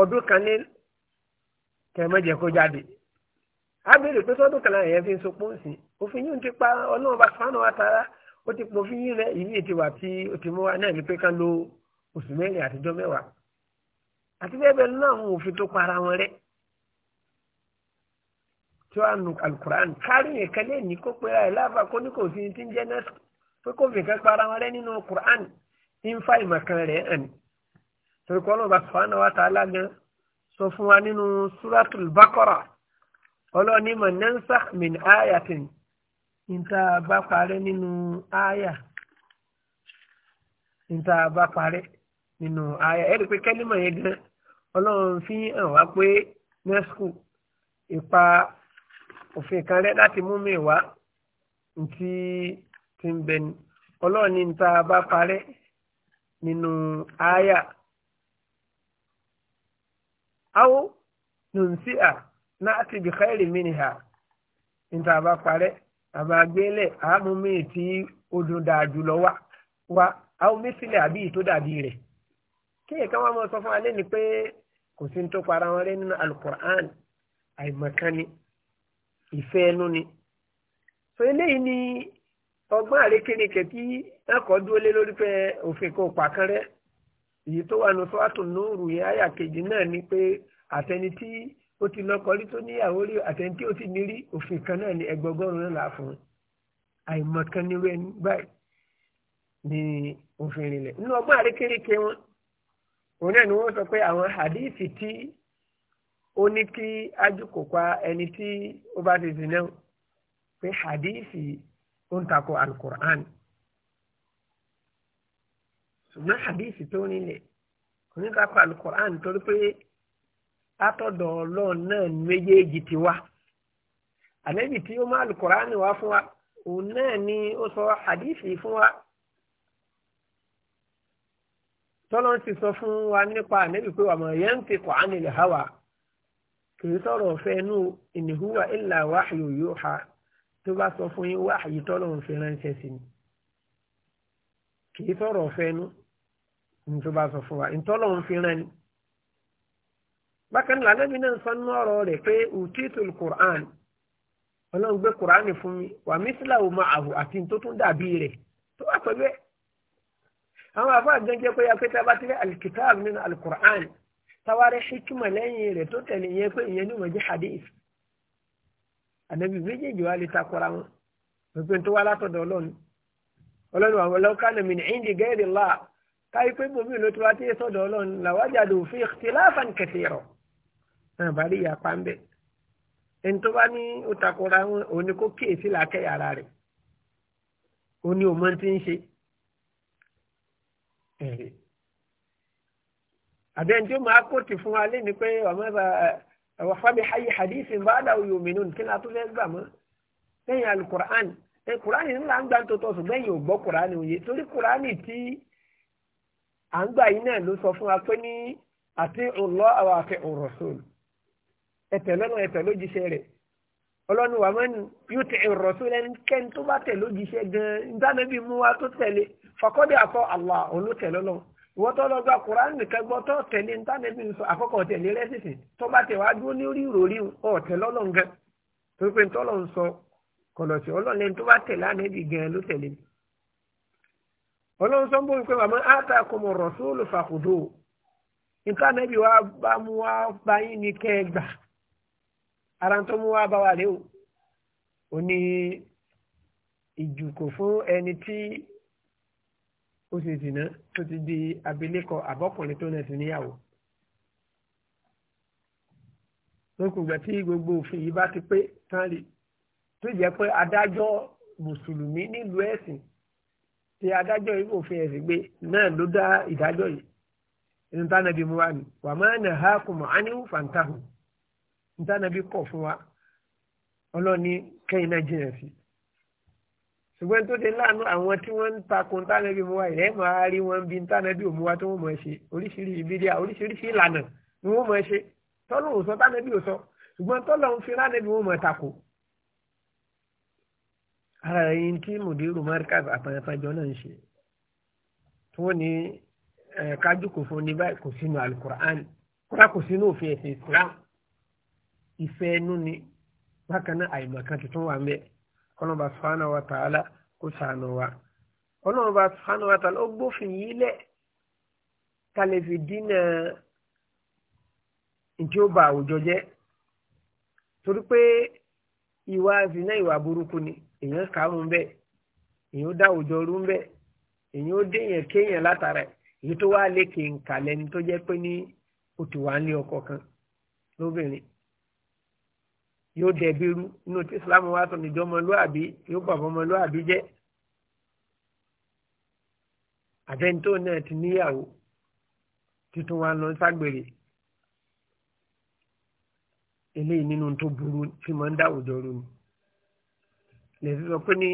S1: ọdún kan ní kẹmẹ́jẹ kó jáde á béèrè pé sọ́dún kan láyẹn fi ń sopọ̀ sí òfin yóò ti pa ọlọ́ba subhanahu wa ó ti pọ̀ fún yín rẹ̀ ìní ètò wà tí ó ti mú wa náà ní pé ká lo oṣù mẹ́rin àtijọ́ mẹ́wàá àti bẹ́ẹ̀ bẹ́ẹ̀ nínú àwọn òfin tó para wọn rẹ̀ tí wàá nu alukur'an kárí nìkan lè ní kó pera ẹ̀ láàbà kó ní kò sí ti ń jẹ́ nẹ́sì pé kó fìkan para wọn rẹ̀ nínú kur'an ń fa ìmọ̀kan rẹ̀ hàn torí kọ́ lọ́ba sọ́hánà wa ta'ala gan sọ fún wa nínú suratul bakara ọlọ́ọ̀ni mọ̀ nẹ́nsà min ayatin níta bá parẹ́ nínú àyà níta bá parẹ́ nínú àyà ẹ̀rí pé kẹ́límọ̀ yẹn gan ọlọ́run fi hàn wá pé nẹ́sùkù ipa òfin kan rẹ láti mú mi wá ntí ti ń bẹ ni ọlọ́run ní níta bá parẹ́ nínú àyà awo nùnsíà náà ti bìkẹ́rì mìíràn níta bá parẹ́ àbàgbélé àmúmi tí ó dùn dáa jùlọ wá wá àwọn mísílẹ̀ àbí tó dàbí rẹ̀ kéèyàn kan wá mọ sọ fún alẹ́ ni pé kò sí ní tó para wọn rẹ nínú alukur'an àìmọ̀kan ni ìfẹ́ ẹnu ni so eléyìí ni ọgbọ́n àrékérekè tí ẹ̀kọ́ dúró lé lórí pé òfin kò pàkan rẹ èyí tó wà ní sọ́wọ́tò nóòrù yẹn àyà kejì náà ni pé àtẹni tí ó ti lọ́kọ rí tó níyàwó rí àtẹ̀ntí ó ti ní rí òfin kan náà ní ẹgbọgọ́rùn náà láà fún un àìmọ̀kan ní wẹ́n báyìí ní òfin rinlẹ̀ nínú ọgbọ́n àrékérekè wọn òun náà ni wọ́n sọ pé àwọn hadisi tí ó ní kí ájúkò pa ẹni tí ó bá ti zìnà pé hadisi ó ń takò alukur'an ṣùgbọ́n hadisi tó nílẹ̀ kò ní takò alukur'an torí pé látọ̀dọ̀ ọlọ́run náà méjèèjì ti wá ànábì tí ó máa Al-Kùránì wá fún wa òun náà ni ó sọ hadisi fún wa tọ́lọ́ ti sọ fún wa nípa ànábì pé wa ma yantiqu anil hawa kì í sọ̀rọ̀ fẹ́nu in huwa illa wahyu yuha tó bá sọ fún yín wáàyí tọ́lọ́ ń fi ránṣẹ́ sí ni kì í sọ̀rọ̀ fẹ́nu ní tó bá sọ fún wa ìtọ́lọ́ ń fi rán ni bákan náà anábì náà sọ nínú ọ̀rọ̀ rẹ̀ pé ùtítùl quran ọlọ́run gbé quran fún mi wà mísílà ò máa àhù àti tó tún dàbí rẹ̀ tó wà pẹ̀lú ẹ̀ àwọn àfáà jẹ́jẹ́ pé apẹ́ tá a bá ti rí alikitab nínú alukur'an tawari hikima lẹ́yìn rẹ̀ tó tẹ̀lé yẹn pé ìyẹn ní wọ́n jẹ́ hadith ànábì méjèèjì wa lè takora wọn pẹ̀pẹ́ tó wá látọ̀dọ̀ ọlọ́run ọlọ́run àwọn ọlọ́kànnà mi ní náà bá rí ìyapa ń bẹ ẹni tó bá ní ó wọn òun ni kó kíyèsí làákẹ́yà ara ti ń ṣe tí ó máa kóòtù fún wa lé ni pé ọmọ ẹ̀bà ẹ̀wọ̀ fábí ayé hadith ń bá dàwọ̀ kí ni a tó fẹ́ gbà mọ́ lẹ́yìn alukur'an ẹ̀ kur'an ńlá ń gbà tó tọ̀ ṣùgbọ́n èyí ò gbọ́ kur'an òye torí kur'an tí à ń gbà náà ló sọ fún wa pé ní àti ẹ̀tẹ̀ lọ́nà ẹ̀tẹ̀ lójíṣẹ́ rẹ̀ ọlọ́ni wà yóò tẹ ẹ̀rọ tó lẹ́nu kẹ́ni tó bá gan bíi mú wa tó Allah olótẹ̀ lọ́nà ìwọ́n tó lọ́gbà nìkan gbọ́ tó tẹ̀lé dáná bíi sọ àkọ́kọ́ tẹ̀lé rẹ́sìsì tó bá tẹ̀ wá dúró lórí ìròrí ọ̀tẹ̀ lọ́nà gan tó pé ń ara tó mú wá bá wa rèé o ò ní ìjùkò fún ẹni tí ó ṣe zìnà tó ti di abilékọ àbọ́kùnrin tó náà ti níyàwó lókùngbà tí gbogbo òfin yìí bá ti pé tán rí tó jẹ́ pé adájọ́ mùsùlùmí nílùú ẹ̀sìn tí adájọ́ yìí òfin ẹ̀sìn gbé náà ló dá ìdájọ́ yìí inú tánàbí mu wàmánà hákùmọ̀ áníhù fàǹtàhùn ntánàbí kọ̀ fún wa ọlọ́ni kẹ́yìn náà jìnà sí ṣùgbọ́n tó dé láàánú àwọn tí wọ́n ń takò ntánàbí mu wa ẹ̀ máa rí wọn bí ntánàbí òmu wa tó wọ́n mọ̀ ṣe oríṣiríṣi bídíà oríṣiríṣi ìlànà ni wọ́n mọ̀ ṣe tọ́lọ́ òsọ tánàbí òsọ ṣùgbọ́n tọ́lọ́ ń fi ránàbí wọn mọ̀ takò. ara yìí tí mùdírù markaz àtàyàtàjọ náà ń ṣe tí wọ́n ní kájú kò fún ní báyìí kò sínú alukur'an kó Ife ẹnu ni bákan náà àìmọ̀kan tuntun wà ń bẹ ọlọ́run bá sàánà wa tààlà kó sàánà wa ọlọ́run bá sàánà wa tààlà ó gbófin yìí lẹ̀ ká dínà ntí ó ba àwùjọ jẹ́ torí pé ìwà zina ìwà burúkú ni èèyàn kàrún bẹ́ẹ̀ èèyàn dá àwùjọ rú bẹ́ẹ̀ èèyàn ó déèyàn kéèyàn látara èyí tó wá lékè nkàlẹ́ni tó jẹ́ pé ní ó wà ń lé ọkọ kan lóbìnrin yóò dẹ̀bírú inú tí islam wá sọ nìjọ ọmọlúàbí yóò bàbá ọmọlúàbí jẹ́ àtẹnitó náà ti níyàwó títún wa lọ ságbèrè eléyìí nínú tó burú tí mo ń dá àwùjọ rú ni lẹ́sìn sọ pé ní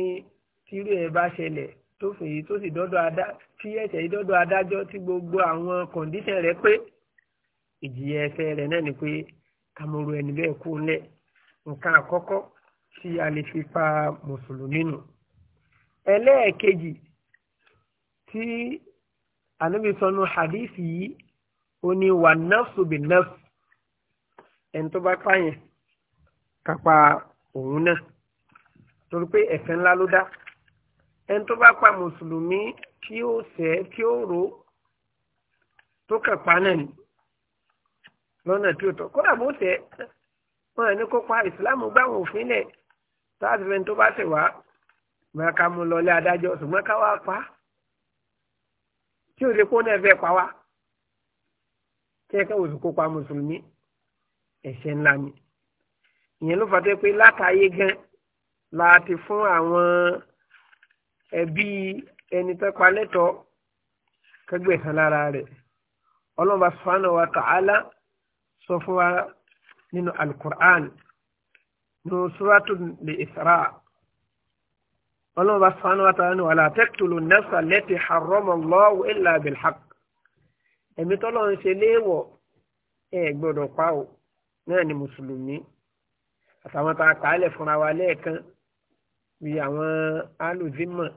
S1: tírú ẹ̀ bá ṣẹlẹ̀ tó fèyí tó sì dọ́dọ̀ adá tí ẹ̀ṣẹ̀ yìí dọ́dọ̀ adájọ́ tí gbogbo àwọn kọ̀ǹdíṣàn rẹ̀ pé ìjìyà ẹ̀ṣẹ̀ rẹ̀ náà ni pé kàmúrú ẹni bẹ́ẹ̀ kú ńlẹ̀ nǹkan àkọ́kọ́ tí a lè fi pa mùsùlùmí nù ẹlẹ́ẹ̀kejì tí ànábì sọnù hadith yìí ó ní wà nafsu bi nafsu ẹni tó bá pààyàn kápá òun náà torí pé ẹ̀ṣẹ̀ ńlá ló dá ẹni tó bá pa mùsùlùmí tí ó ṣẹ̀ tí ó rò tó kàn pa náà ni lọ́nà tí ó tọ́ kódà bó ṣẹ̀ wọn ní kópa ìsìláàmù gbáwọn òfin lẹ̀ táàtì fẹ́ni tó bá ṣẹ̀ wá máa ká mú lọlé adájọ́ ṣùgbọ́n ká wá pa tí ò lè kó náà fẹ́ pa wá kí ẹ̀ka òsì kópa mùsùlùmí ẹ̀ṣẹ̀ ńlá ni ìyẹn ló fàtẹ́ pé látàyé gan láti fún àwọn ẹbí ẹni tó pa lẹ́tọ̀ọ́ kẹgbẹ̀sán lára rẹ̀ ọlọ́mọba sọ́nà wa ta'ala sọ nínú alukur'an nínú suratul Isra ọlọ́run bá sọ́nà wàtà wọn ni wala taqtulu nafsa allati harrama Allahu illa bilhaq ẹ̀mí tọ́lọ́ ń ṣe léèwọ̀ ẹ̀ gbọ́dọ̀ pa ò náà ni mùsùlùmí àtàwọn tá a kàálẹ̀ fúnra wa lẹ́ẹ̀kan bí àwọn alùzímọ̀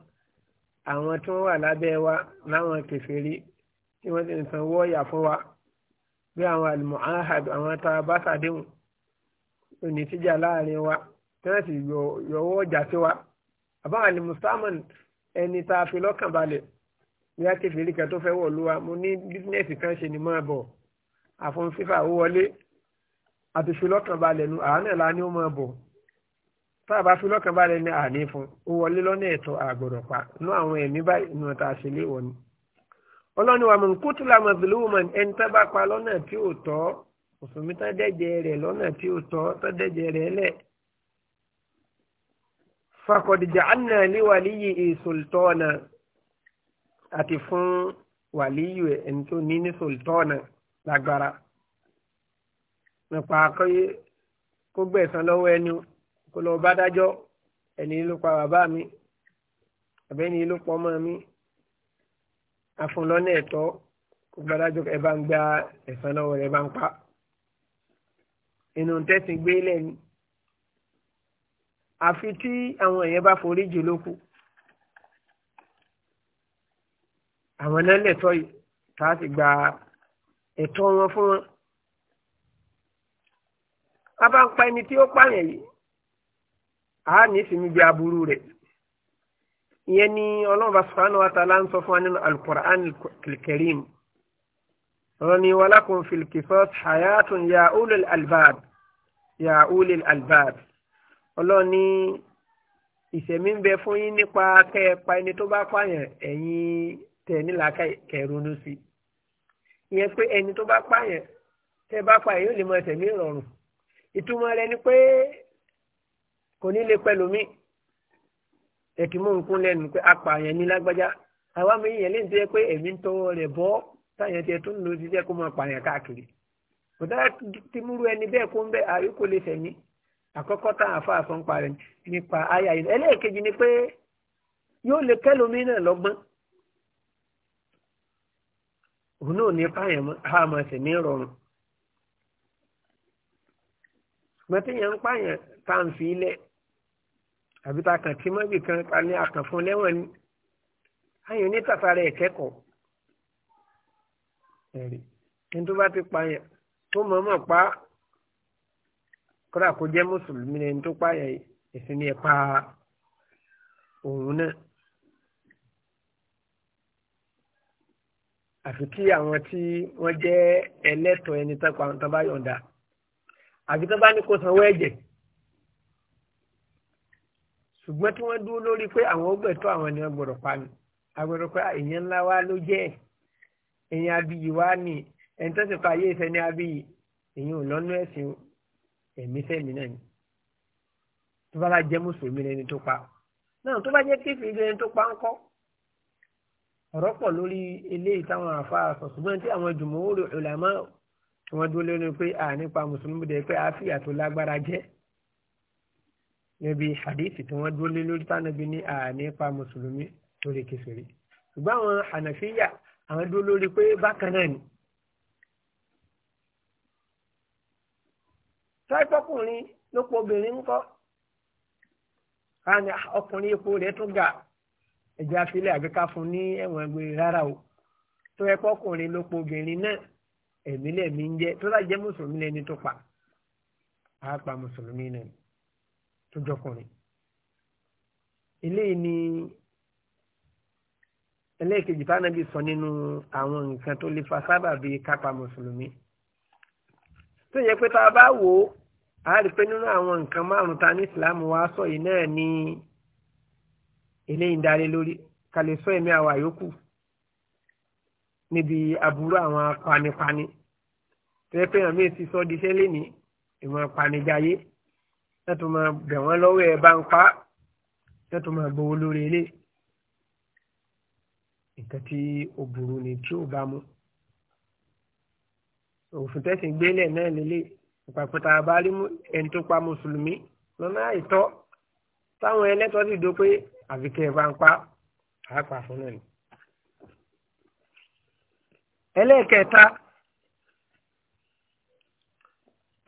S1: àwọn tí wọ́n wà lábẹ́ wa láwọn kèfèrí tí wọ́n ti ń san wọ́ọ̀yà fún wa bí àwọn almuahad àwọn tá a bá ṣàdéhùn òní tíjà láàrin wa tẹ́lẹ̀ sì yọwọ́ ọjà sí wa àbá alimusaman ẹni tá a fi lọ́kàn balẹ̀ bí a ti fìrí kan tó fẹ́ wọ̀ lúwa mo ní bísínẹ́sì kan ṣe ni máa bọ̀ àfún fífà ó wọlé àti fi lọ́kàn balẹ̀ nu àánà la ni ó máa bọ̀ tá bá fi lọ́kàn balẹ̀ ní àní fún ó wọlé lọ́nà ẹ̀tọ́ àgbọ̀dọ̀ pa àwọn ẹ̀mí báyìí nù tá a ṣe léwọ̀ ni ọlọ́ni wa mọ̀ nkútu la mọ̀ fìlúwùmọ̀ ẹni tá bá pa lọ́nà tí ò tọ́ mùsùlùmí tá dẹ́jẹ́ rẹ̀ lọ́nà tí ò tọ́ tá dẹ́jẹ́ rẹ̀ lẹ̀. fakọ̀dìjà àná ní wàlíyì ìsòlítọ́ọ̀nà àti fún wàlíyì ẹni tó ní ní sòlítọ́ọ̀nà lágbára. nípa akọ́yé kó gbẹ̀sán lọ́wọ́ ẹni kó lọ́ọ́ bá dájọ́ ẹni ló pa bàbá mi àbẹ́ni ló pọ̀ ọmọ mi afúnlọ́nà ẹ̀tọ́ gbàdájọ́ ẹ bá ń gba ẹ̀san lọ́wọ́ rẹ̀ bá ń pa inú tẹ́sìn gbé lẹ́nu àfi tí àwọn èèyàn bá forí jù lókù àwọn náà lẹ́tọ́ yìí tá a sì gba ẹ̀tọ́ wọn fún wọn a bá ń pa ẹni tí ó pààyàn yìí a ní ìsinmi bí aburú rẹ̀ ìyẹn ni ọlọ́ọ̀bá subhanahu wa ta'ala ń sọ fún wa nínú alukur'an kìlkìrìm ọ̀rọ̀ ni walakum fil qisas hayatun ya ulil albab ya ulil albab ọlọ́ọ̀ ni ìṣẹ̀mí ń bẹ fún yín nípa kẹ́ẹ̀pa ẹni tó bá pààyàn ẹ̀yin tẹ̀ nílà kẹrùnú sí ìyẹn pé ẹni tó bá pààyàn tẹ́ bá pààyàn yóò lè mọ ẹ̀ṣẹ̀mí rọrùn ìtumọ̀ rẹ̀ ni pé kò ní lè pẹ̀lú mi. ẹ̀kí mú nǹkan lẹ́nu pé apààyàn ní lágbájá àwa mi yẹn lè ń tẹ́ pé èmi ń tọwọ́ rẹ̀ bọ́ táyẹn tiẹ̀ tó ń lò sí jẹ́ kó máa pààyàn káàkiri tí múru ẹni kó ń àrí kò lè tá àfa nípa yìí ni pé yóò lè kẹ́lómi náà òun náà ní ha máa sì ní rọrùn yẹn ń tá à ń àbí tá a kàn tí mọ́bì kan ta ní àkànfún lẹ́wọ̀n ni ayọ̀ ní tàfàrà ẹ̀ kẹ́kọ̀ọ́ ẹ̀rí ní tó bá ti pààyàn tó mọ̀ọ́mọ̀ pa kódà kó jẹ́ mùsùlùmí ẹni tó pààyàn ẹ̀sìn ni ẹ̀ pa òun náà. àfi kí àwọn tí wọ́n jẹ́ ẹlẹ́tọ̀ọ́ ẹni tán pa àwọn tán bá yọ̀ǹda àfi tán bá ní kó sanwó ẹ̀jẹ̀ ṣùgbọ́n tí wọ́n dúró lórí pé àwọn ó gbẹ̀tọ́ àwọn ni wọ́n gbọ́dọ̀ pa ni agbọ́dọ̀ pé èèyàn ńlá wa ló jẹ́ èèyàn abiyì wa ni ẹni tó sì fa ayé ìfẹ́ ní abiyì èèyàn ò lọ́nú ẹ̀sìn ẹ̀mí sẹ́mi náà ni tó bá bá jẹ́ mùsùlùmí lẹni tó pa náà tó bá jẹ́ kéfì lẹni tó pa ń kọ́ ọ̀rọ̀ pọ̀ lórí eléyìí táwọn àfáà sọ ṣùgbọ́n tí àwọn jùmọ̀ òrò ìlàmọ́ tí wọ́n dúró lórí pé à níbi hadith tí wọ́n dúró lé lórí tánàbí ní ànípa mùsùlùmí lórí kèfèrí ṣùgbọ́n àwọn hànàfíyà àwọn dúró lórí pé bákan náà ni. sáìpọ́kùnrin ló pọ̀ obìnrin ń kọ́ ah, ọkùnrin epo rẹ̀ tún ga ẹ̀jẹ̀ afilẹ̀ àgbéká fún ní ẹ̀wọ̀n ẹgbẹ́ rárá o tó ẹ pọ́kùnrin ló pọ̀ obìnrin náà ẹ̀mí lẹ̀mí ń jẹ́ tó láti jẹ́ mùsùlùmí lẹni tó pa àápa mùsùlùmí náà tó jọkùnrin ni ẹlẹ́ẹ̀kejì tánàbí sọ nínú àwọn nǹkan tó lè fa sábàbí kápá mùsùlùmí tó yẹ pé tá a bá wò ó a rí pé nínú àwọn nǹkan márùn-ún ta ní ìsìlámù wa sọ yìí náà ni eléyìí ń lórí ká sọ ẹ̀mí àwa yòókù níbi aburú àwọn panipani tó yẹ pé àmì ti sọ di iṣẹ́ lénìí ìmọ̀ panijayé tẹ́tù máa bẹ̀ wọ́n lọ́wọ́ ẹ̀ bá ń pa tẹ́tù máa gbowó lórí ilé nǹkan tí ó burú ni tí ò bá mú òfin tẹ́sìn gbélẹ̀ náà lélẹ̀ ìpàpẹ́ta bá rí ẹni tó pa mùsùlùmí lọ́nà àìtọ́ táwọn ẹlẹ́tọ́ sì dó pé àfikẹ́ bá ń pa àápàá fún náà ni. ẹlẹ́ẹ̀kẹta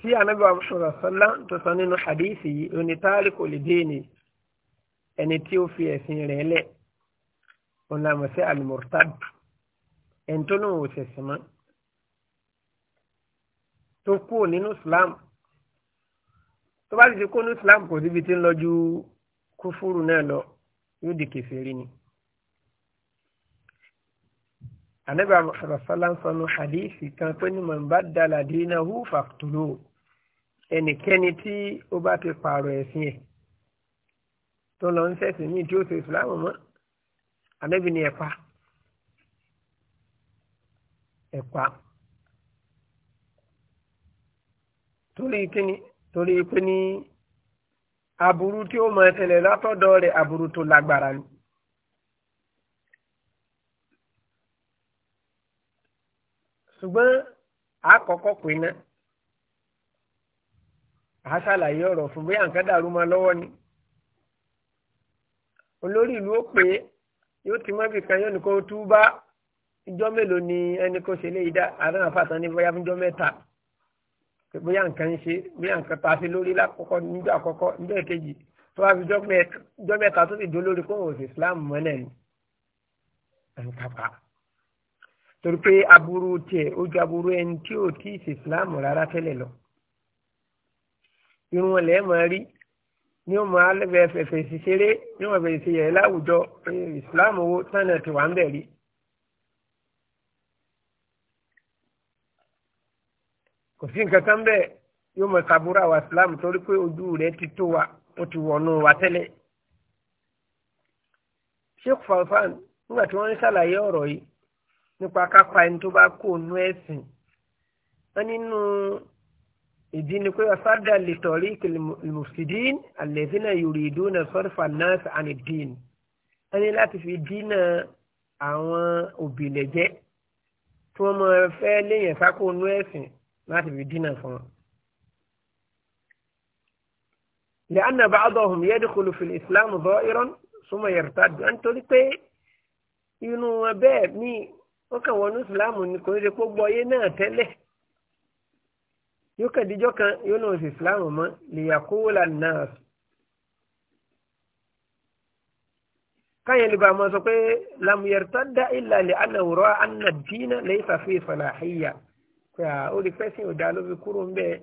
S1: tí anábì wa sọ̀rọ̀ sọ́lá tó sọ nínú hadithi yìí onítàrí kò lè déènì ẹni tí ó fi ẹ̀sìn rẹ̀ lẹ̀ òun làmọ̀ sí alimurtad ẹni tó lóun ò ṣẹ̀sìn mọ́ tó kú nínú islam tó bá ti kú nínú islam kò síbi tí ń lọ ju kúfúrú náà lọ yóò di kèfèrí ni. anabi Muhammad sallam sọnù hadithi kan pé ní man baddala dinahu faqtulu ẹnikẹ́ni tí ó bá ti pààrọ̀ ẹ̀sìn ẹ̀ tó lọ ń ṣẹ̀sìn ní tí ó ṣe ìsìláàmù mọ́ anabi ni ẹ̀pa ẹ̀pa torí kíni torí pé ní aburú tí ó máa tẹ̀lé látọ̀dọ̀ rẹ̀ aburú tó lágbára ni. ṣùgbọ́n àkọ́kọ́ pè ná a ṣàlàyé ọ̀rọ̀ fún bóyá nǹkan dàrú mọ́ lọ́wọ́ ni olórí ìlú ó pè é yóò ti mọ́ ibì kan yóò ní kó tú bá ìjọ mélòó ni ẹni kó ṣe léyìí dá àárín àfàtàn ní bóyá fún ìjọ mẹ́ta bóyá nǹkan ṣe bóyá nǹkan ta sí lórí lákọ̀ọ́kọ́ níjọ́ àkọ́kọ́ níjọ́ ìkejì tó wá fi jọ́ mẹ́ta tó sì dó lórí kóhùn òsì Islam mọ́ náà ní torí pé aburú tiẹ̀ ó ju aburú ẹni tí ò tí ì sí islam rárá tẹ́lẹ̀ lọ irun wọn lẹ́ẹ̀ máa rí ní o máa lẹ́bẹ̀ẹ́ fẹ̀fẹ̀ sí ṣeré ní wọ́n fẹ̀fẹ̀ sí yẹ̀ẹ́ láwùjọ islam owó tánà ti wà ń bẹ̀ rí. kò sí nǹkan kan bẹ́ẹ̀ yóò mọ̀ sàbúrà wa islam torí pé ojú rẹ̀ ti tó wa ó ti wọ̀nù wa tẹ́lẹ̀. sheikh Fawzan nígbà tí wọ́n ń ṣàlàyé ọ̀rọ̀ yìí nípa kápá ẹni tó bá kó nú ẹ̀sìn wọn nínú ìdí ni pé ọ̀sádà lè tọ̀rí ìmùsùdín àlẹ́sìnà yorì ìdúnà sọ́rífà náà àni dín wọn ní láti fi dínà àwọn òbílẹ̀jẹ́ tí wọ́n máa fẹ́ léèyàn sákó nú ẹ̀sìn láti fi dínà fún wọn. لأن بعضهم يدخل في الإسلام ظاهرا ثم يرتد أنت تقول إنه باب مي ó kàn wọnú ìsìláàmù ni kò ń ṣe pé gbọ́ ayé náà tẹ́lẹ̀ yóò kàn díjọ́ kan yóò náà ṣe ìsìláàmù mọ́ lèyàkówó là náà káyọ̀ lè bá a mọ̀ sọ pé lamuyẹ̀rẹ̀tà dá ìlà lè anáwòrán anàdínà lẹ́yìn sàfihàn ìfọ̀làhíyà pé à ó lè pẹ́sìn ò dá ló fi kúrò ń bẹ́ẹ̀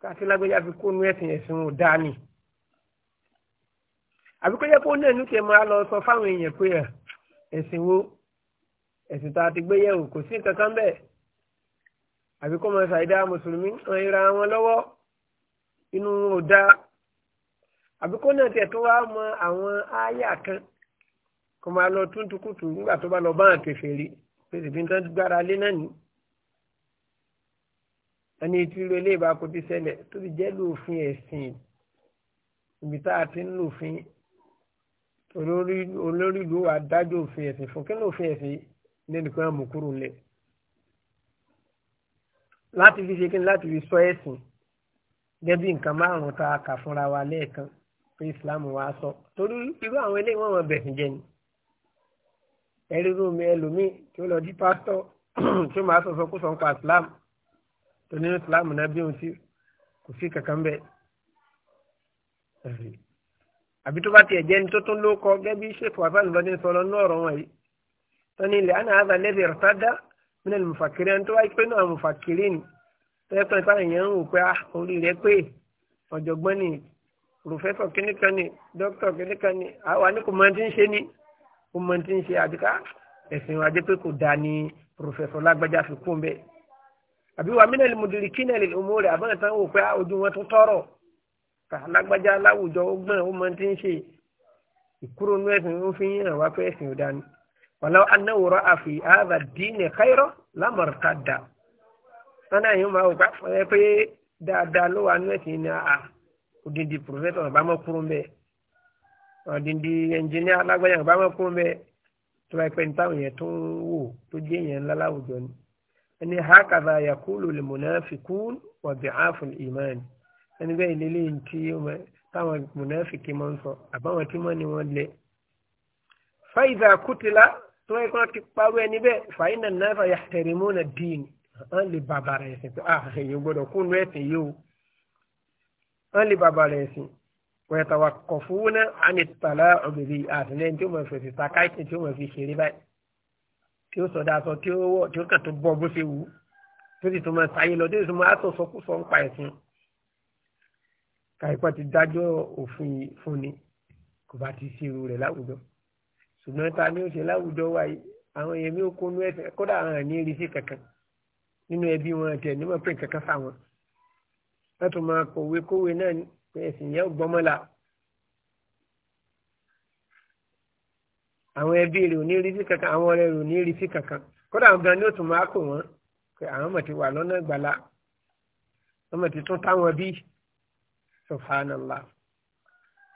S1: káàtì lágbẹ́yà fi kó nu ẹ̀sìn ẹ̀sìn ò dá ni. àbíkọ́jẹ́ pé ó náà ní tiẹ̀ máa lọ sọ fáwọn èèyàn pé ẹ̀sìn wo ẹ̀sìn tá a ti gbé yẹ̀wò kò sí nǹkan kan bẹ́ẹ̀ àbí kọ́ máa ṣàìdá mùsùlùmí wọn ìra wọn lọ́wọ́ inú wọn ò dáa àbí kó náà tiẹ̀ tó wá mọ àwọn ááyà kan kó máa lọ túntúkùtù nígbà tó bá lọ bá àǹtẹ̀ fèrè pèsè bí n tán gbára lé náà ní. ẹni tí irú ilé kò ti ṣẹlẹ̀ tó ti jẹ́ lófin ẹ̀sìn ibi tá a ti ń lòfin olórí ìlú wa dájú òfin ẹ̀sìn fún kí lófin ẹ̀sìn yìí nínúkan mú kúrò ńlẹ̀ láti fi ṣe kí ni láti fi sọ ẹ̀sìn gẹ́bí nǹkan márùn-ún tá a kà fúnra wa lẹ́ẹ̀kan pé Islam wa sọ torí irú àwọn eléyìí wọ́n máa bẹ̀sìn jẹ ni ẹ̀rí rú mi ẹlòmíì tí ó lọ di pásítọ̀ tí ó máa sọ sọkú sọ nípa Islam tó nínú Islam náà bí ohun tí kò sí kankan bẹ́ẹ̀ àbí tó bá tiẹ̀ jẹ́ ni tó tún ló kọ gẹ́bí ṣèkò àbálùbọ́dé sọ lọ ní ọ̀rọ̀ wọn yìí tọ́ni ilẹ̀ àná àbá lẹ́bi ìrọ̀tádá mílẹ̀ mùfàkiri ẹni tó wáyé pé náà mùfàkiri ni tọ́yẹ́ pé táwọn èèyàn ń wò pé ah, orí rẹ̀ pé ọ̀jọ̀gbọ́n ni pòfẹ́sọ̀ kìnìkan ni dókítà kìnìkan ni àwa ní kò mọ ni kò mọ ti ń ṣe àdìká ẹ̀sìn wa jẹ́ pé kò dáa ni pòfẹ́sọ̀ lágbájá fi kún bẹ́ẹ̀ àbí wa mílẹ̀ mùdìrí kí náà lè mú rẹ̀ àbọ̀nà táwọn wò pé ah, ojú wọn tó tọrọ kà lágbájá láwùjọ ó gbọ́n ó mọ ti ń ṣe fi ń hàn wá pé ẹ̀sìn ò ni wàlá anáwòrán àfi ààbà dín ní káírọ lámọ̀ọ́ká dà wọn náà yóò máa gbà fún ẹ pé dáadáa ló wà nú ẹ̀sìn ní àà odindi pòfẹ́sọ̀ ọ̀bá mọ́kúrú mbẹ́ odindi ẹnjìníà alágbáyà ọ̀bá mọ́kúrú mbẹ́ tó bá pẹ́ ní táwọn yẹn tó ń wò tó jẹ́ yẹn ńlá láwùjọ ni ẹni hákàdà yakulu lè munafikun wà bí áfùn ìmáàni ẹni bẹ́ẹ̀ lélẹ́ tí táwọn tó yẹ kó ti parú ẹni bẹ́ẹ̀ fàyín náà náà fàyà tẹ̀rẹ̀mọ́ náà dín án lè bàbàrà ẹ̀sìn pé ah èyí gbọ́dọ̀ kúnnú ẹ̀sìn yìí o án lè bàbàrà ẹ̀sìn wọ́n yàtọ̀ wà kọ̀ fún wọn náà àni tàlà ọ̀bẹ̀bí àtìlẹ́yìn tí ó mọ̀ fèsì takáìtì tí ó mọ̀ fi ṣeré báyìí tí ó sọdá aṣọ tí ó wọ̀ tí ó kàn tó bọ́ bó ṣe wù tó sì tún máa sáyé lọ tó sì tún máa sọ sọkúsọ ń pa ẹ̀sìn kàìpọ̀ ti dájọ́ òfin fúnni kò bá ti ṣerú rẹ̀ láwùjọ ṣùgbọ́n ta ni ó ṣe láwùjọ wa yìí àwọn èèyàn mi ò kónú ẹ̀sìn kódà àwọn àní ìrísí kankan nínú ẹbí wọn tẹ̀ níwọ̀n pé kankan fáwọn láti máa kọ̀wé kówé náà ẹ̀sìn yẹn gbọ́mọ́lá àwọn ẹbí rẹ̀ ò ní ìrísí kankan àwọn ọ̀rẹ́ rẹ̀ ò ní ìrísí kankan kódà àwọn gan ni ó tún máa kó wọn pé àwọn ọmọ ti wà lọ́nà ìgbàlá ọmọ ti tún táwọn bí subhanallah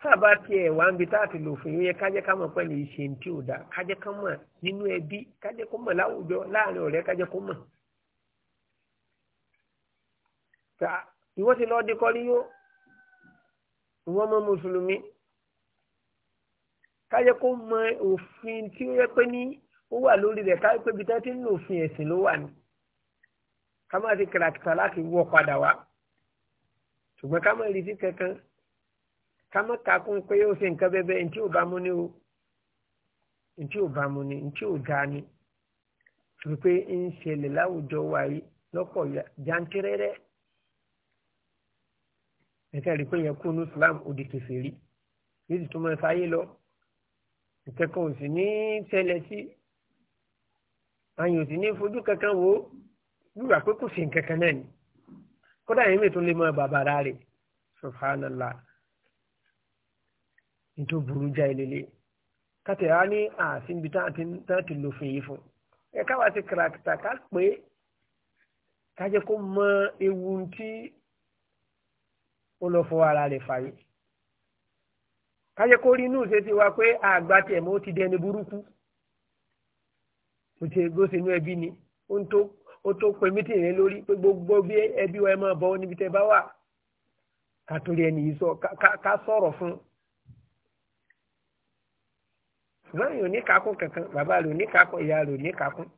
S1: sábà tiẹ̀ wá ń bi tá a ti lò fún yẹn kájẹ́ ká mọ̀ pẹ̀lú ìṣe tí ò dáa kájẹ́ ká mọ̀ nínú ẹbí kájẹ́ kó mọ̀ láwùjọ láàrin ọ̀rẹ́ kájẹ́ kó mọ̀. ìwọ́n ti lọ́ọ́ dikọ́ ní yó ìwọ́n mọ́ mùsùlùmí kájẹ́ kó mọ òfin tí ó yẹ pé ní ó wà lórí rẹ̀ káyọ̀ pé ibi ti ń lo òfin ẹ̀sìn ló wà ní. ká má ti kìràkìtà láti wọ́ padà wá ṣùgbọ́n ká má retí kankan Kama má ka kún pé ó ṣe nǹkan bẹ́ẹ̀ bẹ́ẹ̀ ntí ò bá mú ni o ntí ò bá mú ni ntí ò dáa ni wípé ń ṣẹlẹ̀ láwùjọ wa yìí lọ́pọ̀ jàǹtìrẹ́rẹ́ nǹkan rí pé yẹn kú ní Islam òdì kẹfẹ́rí yìí tó máa fáyé lọ nǹkan ò sì ní ṣẹlẹ̀ sí àyàn ò sì ní fojú kankan wò ó wíwà pé kò sí nǹkan náà ni kódà yẹn mi tún lè mọ bàbá rà rè subhanallah tó burú já ilélé kátẹ̀ á ní ààfin bí tán ti lòfin yìí fún ẹ káwa ti kàràkìtà ká pé ká jẹ́ kó mọ ewu tí ó lọ fọ ara rẹ̀ fàyè ká jẹ́ kó rí inú ṣe ti wá pé àgbà tiẹ̀ mọ́ ti dẹni burúkú kò ṣe gbó sínú ẹbí ni ó tó pe mítìrì rẹ lórí pé gbogbo bí ẹbí wa ẹ máa bọ̀ níbi tẹ́ bá wà ká torí ẹni yìí sọ ká sọ̀rọ̀ fún un ṣùgbọ́n yìí ò ní kakún kankan bàbá rẹ̀ ò ní kakún ìyá rẹ̀ ò ní kakún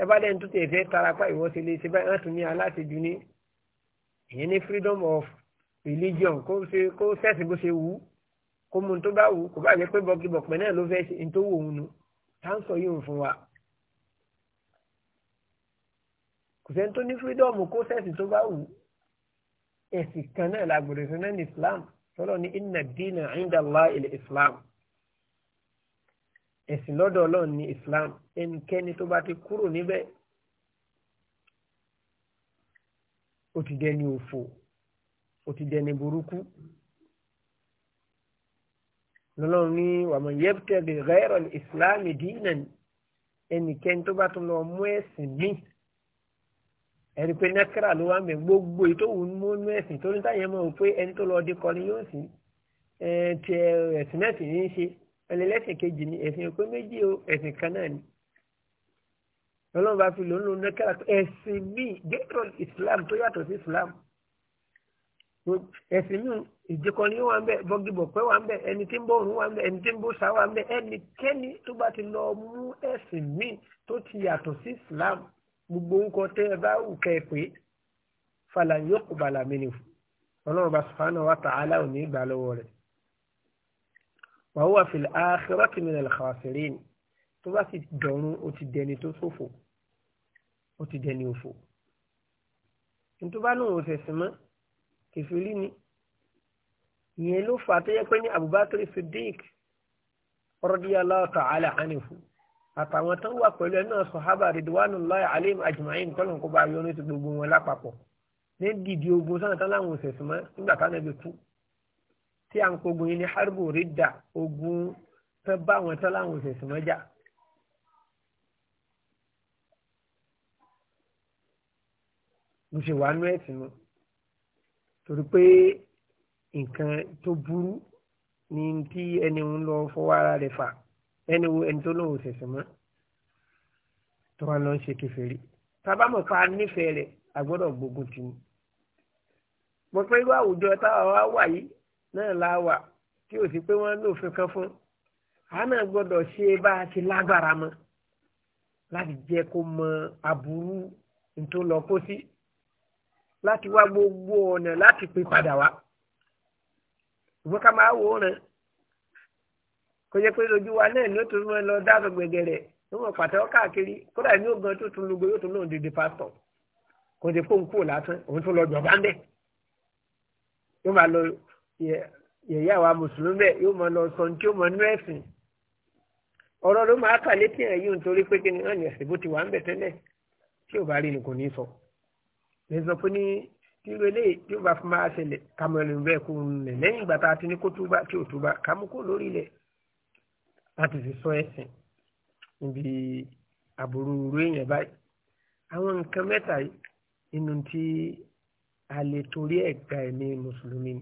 S1: ẹ bá dẹ́ni tó tẹ̀ fẹ́ tarapá ìwọ ti lè ṣe báyìí wọ́n tún ní aláṣejù ní ìyẹn ní freedom of religion kó ṣe kó ṣẹ̀sìn bó ṣe wù ú kó mu tó bá wù ú kó bá jẹ́ pé bọ́kibọ̀pẹ̀ náà ló fẹ́ ṣe ní tó wù òun nu tá ń sọ yìí ń fún wa. kò sẹ́ni tó ní freedom kó ṣẹ̀sìn tó bá wù ú ẹ̀sìn kan náà làgbèrè sí náà ní Islam tọ́lọ́ ní inna dina inda Allah ilẹ̀ Islam ẹ̀sìn lọ́dọ̀ ọlọ́run ní islam ẹnikẹ́ni tó bá ti kúrò níbẹ̀ ó ti dẹni òfò ó ti dẹni burúkú lọ́lọ́run ní wàmọ̀ yẹ́pùtẹ́bì rẹ́rọ̀ ní islam dínà ẹnikẹ́ni tó bá tún lọ mú ẹ̀sìn míì ẹni pé nẹ́kírà ló wá ń bẹ̀ gbogbo èyí tó wù ú mú ẹ̀sìn tó ní táyẹ̀ mọ́ ò pé ẹni tó lọ dé kọ yóò sí ẹ̀ tiẹ̀ ẹ̀sìn mẹ́sìn ní í ṣe ẹlẹ́lẹ́sìn kejì ni ẹ̀sìn òpé méjì o ẹ̀sìn kan náà ni ọlọ́run bá fi lòún lòún nẹ́kẹ́lá ẹ̀sìn míì gẹ́tọ̀ islam tó yàtọ̀ sí islam ẹ̀sìn míì ìjẹkọ̀ni wà ń bẹ̀ bọ́gìbọ̀pẹ́ wà ń bẹ̀ ẹni tí ń bọ̀ òun wà ń bẹ̀ ẹni tí ń bọ̀ sáà ń bẹ̀ ẹnikẹ́ni tó bá ti lọ mú ẹ̀sìn míì tó ti yàtọ̀ sí islam gbogbo ńkọ tẹ́ ẹ bá wù kẹ́ ẹ pé fàlàyé kò bàlàmì ọlọ́run bá subhanahu wa ta'ala ò ní gbà rẹ̀ wa huwa fil akhirati min al khasirin tó bá sì dọ̀run ó ti dẹni tó ṣòfò ó ti dẹni òfò nítorí bá lóun ṣẹ̀sìn mọ́ kẹfìrí ni ìyẹn ló fà á tó yẹ pé ní Abubakar Siddiq radiyallahu ta'ala anhu àtàwọn tó wà pẹ̀lú ẹ̀ náà sọ̀hábà ridwanullahi alayhim ajma'in tọ́lọ̀ kó bá yọ ní ti gbogbo wọn lápapọ̀ ní dìdí ogun sáà tán láwọn nígbà táwọn ẹbí kú tí à ń kogun yìí ní harbu rida, ogun fẹ́ bá àwọn tán láwọn òṣèṣì mọ́jà. mo ṣe wà nú ẹ̀sìn mu torí pé nǹkan tó burú ni tí ẹni ń lọ fọwọ́ ara rẹ̀ fà ẹni wo ẹni tó lọ́wọ́ òṣèṣì mọ́ tó wá lọ ṣe kẹfẹ́rí tábàmọ̀ pa nífẹ̀ẹ́ rẹ̀ a gbọ́dọ̀ gbógun tì í. mo pé irú àwùjọ táwa wà yìí náà la wà tí ò sí pé wọ́n lófin kan fún àánà gbọ́dọ̀ ṣe bá a ṣe lágbára mọ́ láti jẹ́ kó mọ aburú tó lọ kó sí láti wá gbogbo ọ̀nà láti pè padà wá ìwọ́n ká máa wò ó rẹ̀ kò jẹ́ pé lójú wa náà ni ó tún lọ dáàbò gbẹ̀gẹ̀rẹ̀ níwọ̀n pàtẹ́wọ́ káàkiri kódà ní ògàn tó tún lugbe yóò tún lóun dìde pásítọ̀ kò jẹ́ pé òun kúrò lásán òun tún lọ jọba ń bẹ̀ yóò máa lọ yẹ̀yẹ́ àwa mùsùlùmí bẹ́ẹ̀ yóò máa lọ sọ ní tí ó máa nú ẹ̀sìn ọ̀rọ̀ ló máa kà létí ẹ̀ yìí nítorí pé kí ni wọ́n ní ẹ̀sìn bó ti wà ń bẹ̀ tẹ́lẹ̀ tí ò bá rí ni kò ní sọ lè sọ fún ní irú eléyìí tí ó bá fún máa ṣẹlẹ̀ kàmọ́lù bẹ́ẹ̀ kó ń lẹ̀ lẹ́yìn ìgbà tá a ti ní kó túbá tí ò túbá kàmú kó lórí ilẹ̀ láti fi sọ ẹ̀sìn níbi àbúrò irú èèyàn báyìí àwọn nǹkan mẹ́ta yìí nínú tí a lè torí ẹ̀gbà ẹ̀mí mùsùlùmí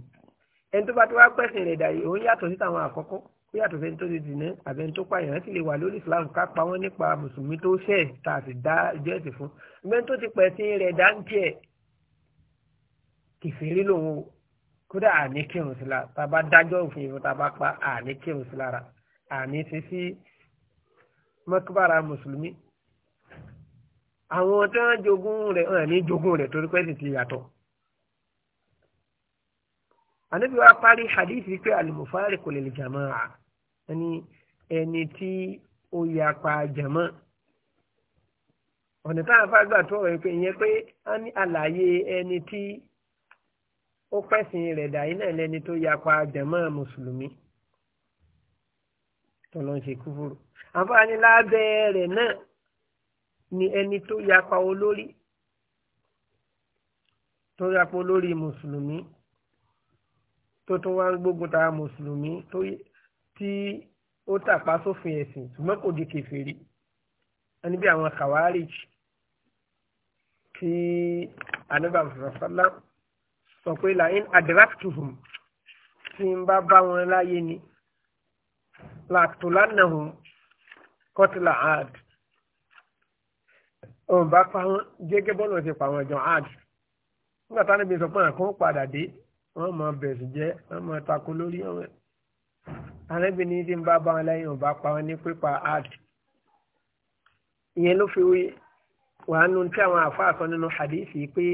S1: ẹni tó bá tó wá pẹ̀sìn rẹ̀ dà yìí òun yàtọ̀ sí tàwọn àkọ́kọ́ ó yàtọ̀ sí ẹni tó ti dìnnà àbí ẹni tó pààyàn sì lè wà lórí Islam ká pa wọ́n nípa mùsùlùmí tó ṣẹ̀ tá a sì dá ìjọ ẹ̀sìn fún ẹni tó ti pẹ̀sìn rẹ̀ dá ń tiẹ̀ kìfèrí lòun o kódà àní kírun sí la tá a bá dájọ́ òfin ìfún tá a bá pa àní kírun sí lára àní ti sí mọ́kúbára mùsùlùmí àwọn tí wọ́n jogún rẹ̀ hàn ní jogún rẹ̀ torí pẹ́sì ti yàtọ̀ ànábì wa parí hadith wípé al-mufariqu lil jama'a ẹni ẹni tí ó yapa jama'a ọ̀nà táwọn afágbà tó rẹ̀ pé ìyẹn pé a ní àlàyé ẹni tí ó pẹ̀sìn rẹ̀ dàí náà lẹ́ni tó yapa jama'a mùsùlùmí tó lọ́n ṣe kúfúrú àǹfààní lábẹ́ rẹ̀ náà ni ẹni tó yapa olórí tó yapa olórí mùsùlùmí tó tún wá ń gbógun ta mùsùlùmí tí ó tàpá sófin ẹ̀sìn ṣùgbọ́n kò di kèfèrí ẹni bí àwọn khawarij tí anábà sọ̀rọ̀sọ́lá sọ pé làyín adraktuhum tí ń bá bá wọn láyé ni làtúlánàhùn kọtìlà ad òun bá pa wọn gẹ́gẹ́ bọ́ọ̀lù ti pa wọn jọ ad nígbà táwọn ibi sọ pé àwọn kan padà dé wọ́n máa bẹ̀sùn jẹ́ wọ́n máa takò lórí ọ̀rẹ́ arábìnrin tí ń bá bá wọn lẹ́yìn ọba pa wọn ní pípa ad ìyẹn ló fi wàá nu tí àwọn àfáà sọ nínú hadithi pé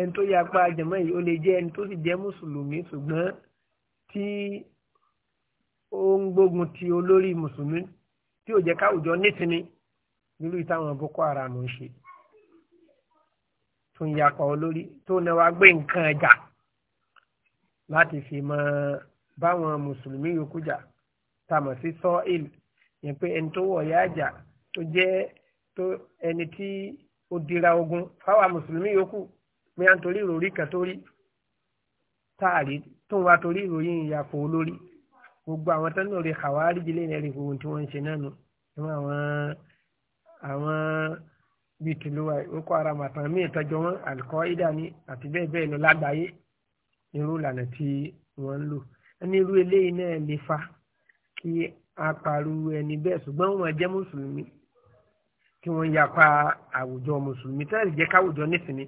S1: ẹni tó yà pa jẹmọ yìí ó lè jẹ ẹni tó sì jẹ mùsùlùmí ṣùgbọ́n tí ó ń gbógun ti olórí mùsùlùmí tí ò jẹ káwùjọ nísìnyí nílùú ìtàwọn boko haram ń ṣe tó ń yapa olórí tó náwó agbé nǹkan ẹjà láti fi mọ báwọn mùsùlùmí yòókù jà tàmọ̀ sí sọ́ọ̀ìl yẹn pé ẹni tó wọ̀ ya jà tó jẹ́ tó ẹni tí ó dira ogun fáwọn mùsùlùmí yòókù bí wọ́n torí ìròrí kan tó rí táàrí tó ń wá torí ìròyìn ìyàpò olórí gbogbo àwọn tó ń lò rí kàwárí jílé yẹn rí gbogbo tí wọ́n ń ṣe náà nù fún àwọn àwọn bíi tìlúwa kọ́ ara màtàn míì tọ́jú wọn àlùkò ìdá àti bẹ́ẹ̀ bẹ́ẹ̀ lọ lágbàáyé irú ìlànà tí wọ́n ń lò ẹni irú eléyìí náà lè fa kí aparu ẹni bẹ́ẹ̀ ṣùgbọ́n wọ́n jẹ́ mùsùlùmí kí wọ́n yapa àwùjọ mùsùlùmí tẹ́lẹ̀ jẹ́ káwùjọ nísìnyí.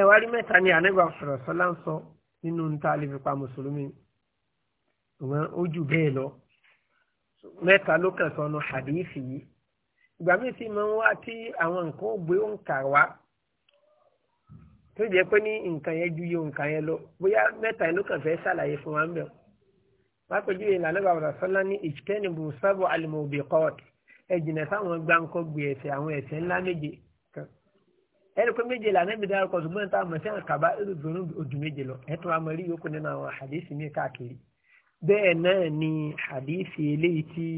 S1: ẹ̀wárí mẹ́ta ni ànágbà sọ̀rọ̀ sọ́lá ń sọ nínú níta lè fi pa mùsùlùmí ṣùgbọ́n ó jù bẹ́ẹ̀ lọ mẹ́ta ló kàn sọnù hadithi yìí ìgbà míì sì máa ń wá tí àwọn nǹkan ògbé òǹkà wá tó jẹ́ pé ní nǹkan yẹn ju iye nǹkan yẹn lọ bóyá mẹ́ta yẹn ló kàn fẹ́ ṣàlàyé fún wa ń bẹ̀ pápẹ́júwe ìlànà bàbá sọ́lá ní ìtẹ́nìbù sábò alimobiqat ẹ̀jìnà sáwọn gbáǹkọ́ gbé ẹ̀ṣẹ̀ àwọn ńlá méje kan ẹni pé méje lànà ìbí dárúkọ ṣùgbọ́n tá a mọ̀ sí àkàbá irúgbìn ojú méje lọ tó a mọ̀ rí yòókù nínú àwọn mi káàkiri bẹ́ẹ̀ náà ni eléyìí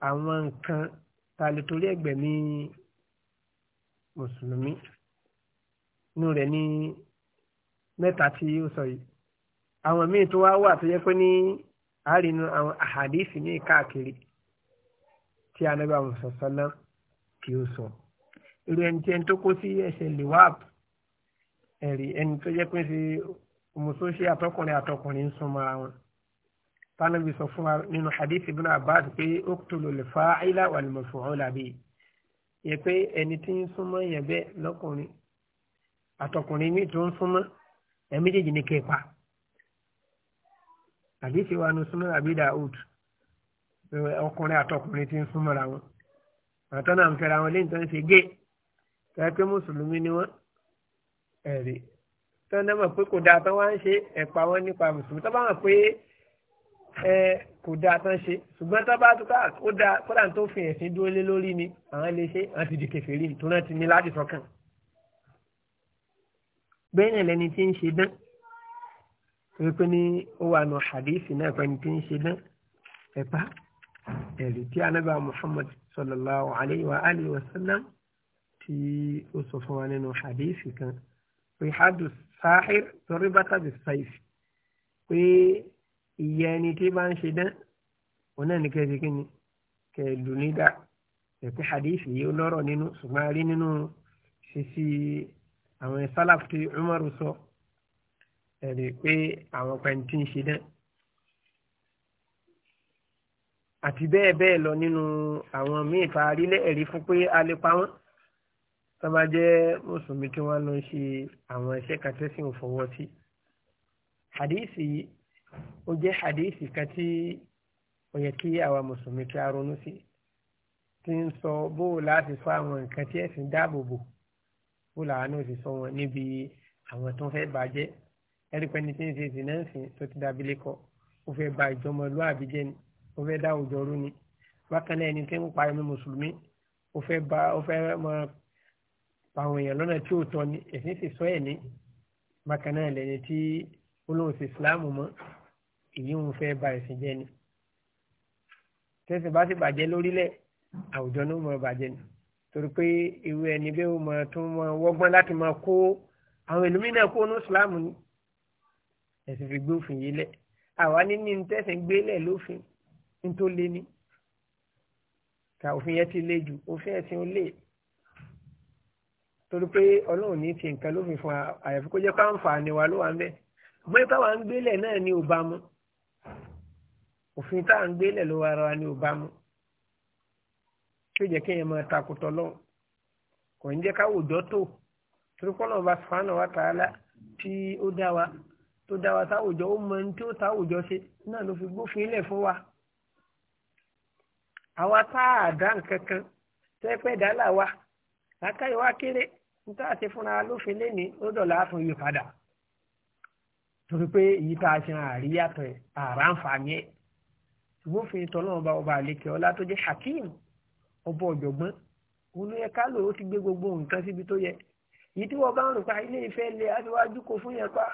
S1: wa ta lè torí ẹ̀gbẹ́ ní mùsùlùmí inú rẹ̀ ní mẹ́ta tí ó sọ yìí àwọn míì tó wá wà tó yẹ pé ní àárínú àwọn àhàdíìsì ní káàkiri tí anábà mùsọ̀sọ́lá kì ó sọ irú ẹni tí ẹni tó kó sí ẹsẹ̀ lewap ẹni tó yẹ pé ṣe homosocial àtọkùnrin àtọkùnrin ń súnmọ́ra wọn tánàbí sọ fún wa nínú hadith ibn abbas pé uqtulu al-fa'ila wal-maf'ula bihi yẹ pé ẹni tí ń súnmọ́ yẹn bẹ́ẹ̀ lọ́kùnrin àtọkùnrin mi tó ń súnmọ́ ẹ̀mí jèjì ní kẹpa hadith wa nu súnmọ́ abi daud ọkùnrin àtọkùnrin tí ń súnmọ́ra wọn àtọ́nà ń fẹ́ra wọn léyìn tó ń ṣe gé kẹ́kẹ́ mùsùlùmí ni wọ́n ẹ̀rí tọ́nà pé kò dáa tó wá ń ṣe ẹ̀pà wọn nípa mùsùlùmí tó bá wọn pé ẹ kò dáa tán ṣe ṣùgbọ́n tó bá tó ká ó dáa kódà tó fi ẹ̀sìn dúró lé lórí ni àwọn lè ṣe àti di kèfèrí tó náà ti ní láti sọkàn. bẹ́ẹ̀ náà lẹni tí ń ṣe dán wípé ní ó wà nù hadithi náà pẹ́ni tí ń ṣe dán ẹ̀pá ẹ̀rí tí anábà Muhammad sallallahu alayhi wa alihi wa sallam tí ó sọ fún wa nínú hadithi kan pé hadu sahir torí bàtà bí saifi pé ìyá ẹni tí bá ń ṣe dán òun náà ní kẹsì kí ni kẹlù nídà ẹ̀pẹ́ hadith yìí ó lọ́rọ̀ nínú ṣùgbọ́n a rí nínú ṣíṣí àwọn sálàf tí Umaru sọ ẹ̀rí pé àwọn pẹ̀ntì ń ṣe dán àti bẹ́ẹ̀ bẹ́ẹ̀ lọ nínú àwọn míì tá a rí fún pé a lè pa wọ́n tó mùsùlùmí tí wọ́n lọ ṣe àwọn iṣẹ́ kan tẹ́sí ò yìí ó jẹ́ hadithi kan tí ó yẹ kí àwa mùsùlùmí kí a ronú sí tí ń sọ bó láti sọ àwọn nǹkan tí ẹ̀sìn dáàbò bò bó làwọn sì sọ wọn níbi àwọn tó ń fẹ́ bàjẹ́ ẹ̀rípẹ́ ni tí ń ṣe ìsìn ẹ̀sìn tó ti dàbí lẹ́kọ̀ọ́ ó fẹ́ ba ìjọmọlúàbí jẹ́ ni ó fẹ́ dá òjò rú ni bákan náà ẹni tí ń pa ẹ̀mí mùsùlùmí ó fẹ́ ba ó fẹ́ mọ àwọn èèyàn lọ́nà tí ò tọ́ ni ẹ̀sìn sì sọ ẹ̀ ní bákan náà lẹ́ni tí ó lóun ṣe ìsìláàmù mọ́ èyí ń fẹ́ ba ẹ̀sìn jẹ́ ni tẹ̀sìn bá sì bàjẹ́ lórílẹ̀ àwùjọ ní ó mọ bàjẹ́ ni torí pé irú ẹni bẹ́ẹ̀ ó mọ tó mọ wọ́gbọ́n láti máa kó àwọn ẹlòmínà kó ní Islam ni ẹ̀sìn fi gbé òfin yìí lẹ̀ àwa níní tẹ̀sìn gbé lẹ̀ lófin nítorí lé ní ka òfin yẹn ti le jù òfin ẹ̀sìn ó lè torí pé ọlọ́run ní ti nǹkan lófin fún àyàfi kó jẹ́ káǹfà ni wa ló wà ń bẹ̀ ọgbẹ́ táwa ń gbélẹ̀ náà ni ò bá mu òfin tá à ń gbélẹ̀ ló ara wa ní òbámu tí ó jẹ́ kéèyàn máa takùtọ̀ lọ́wọ́ kò ń jẹ́ káwùjọ tó torípọ́nà ọba sùfàánà wa tààlà tí ó dá wa tó dá wa táwùjọ ó mọ ní tí ó táwùjọ ṣe náà ló fi gbófin lẹ̀ fún wa àwa tá a dá nǹkan kan tẹ́pẹ́ dá là wa làákàyè wa kéré níta àti fúnra lófin lẹ́ni ó dọ̀là á padà torí pé èyí tá a ṣe àríyàtọ̀ àrà àǹfààní ẹ̀ ṣùgbọ́n fi tọ́lọ́run bá ọba àlekè ọlá tó jẹ́ hakeem ọba ọ̀jọ̀gbọ́n òun yẹ ká lò ó ti gbé gbogbo nǹkan síbi tó yẹ èyí tí wọ́n bá ń rò pa ilé ìfẹ́ lé aṣíwájú kò fún yẹn pa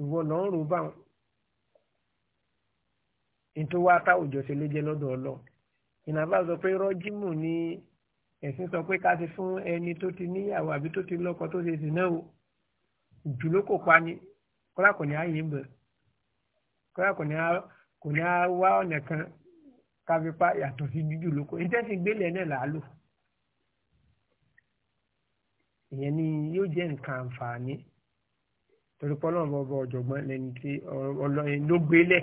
S1: ìwọ lọ́n rò báwọn nítorí wá tá òjò ṣe ló jẹ́ lọ́dọ̀ ọlọ́ ìnàbà sọ pé rọ́jímù ni ẹ̀sìn sọ pé ká ti fún ẹni tó ti níyàwó àbí tó ti lọ́kọ tó ṣe sì náà o jùlọ kò pa ni kọ́lá kò ní á yìn bẹ̀ kọ́lá kò ní á kò ní á wá ọ̀nà kan káfí pa yàtọ̀ sí jújù lóko níta sì gbélé ẹ̀ náà là á lò ìyẹn ni yóò jẹ́ nǹkan àǹfààní torí pọ́lọ́n bọ́bọ́ ọ̀jọ̀gbọ́n lẹni tí ọlọ́yin ló gbélé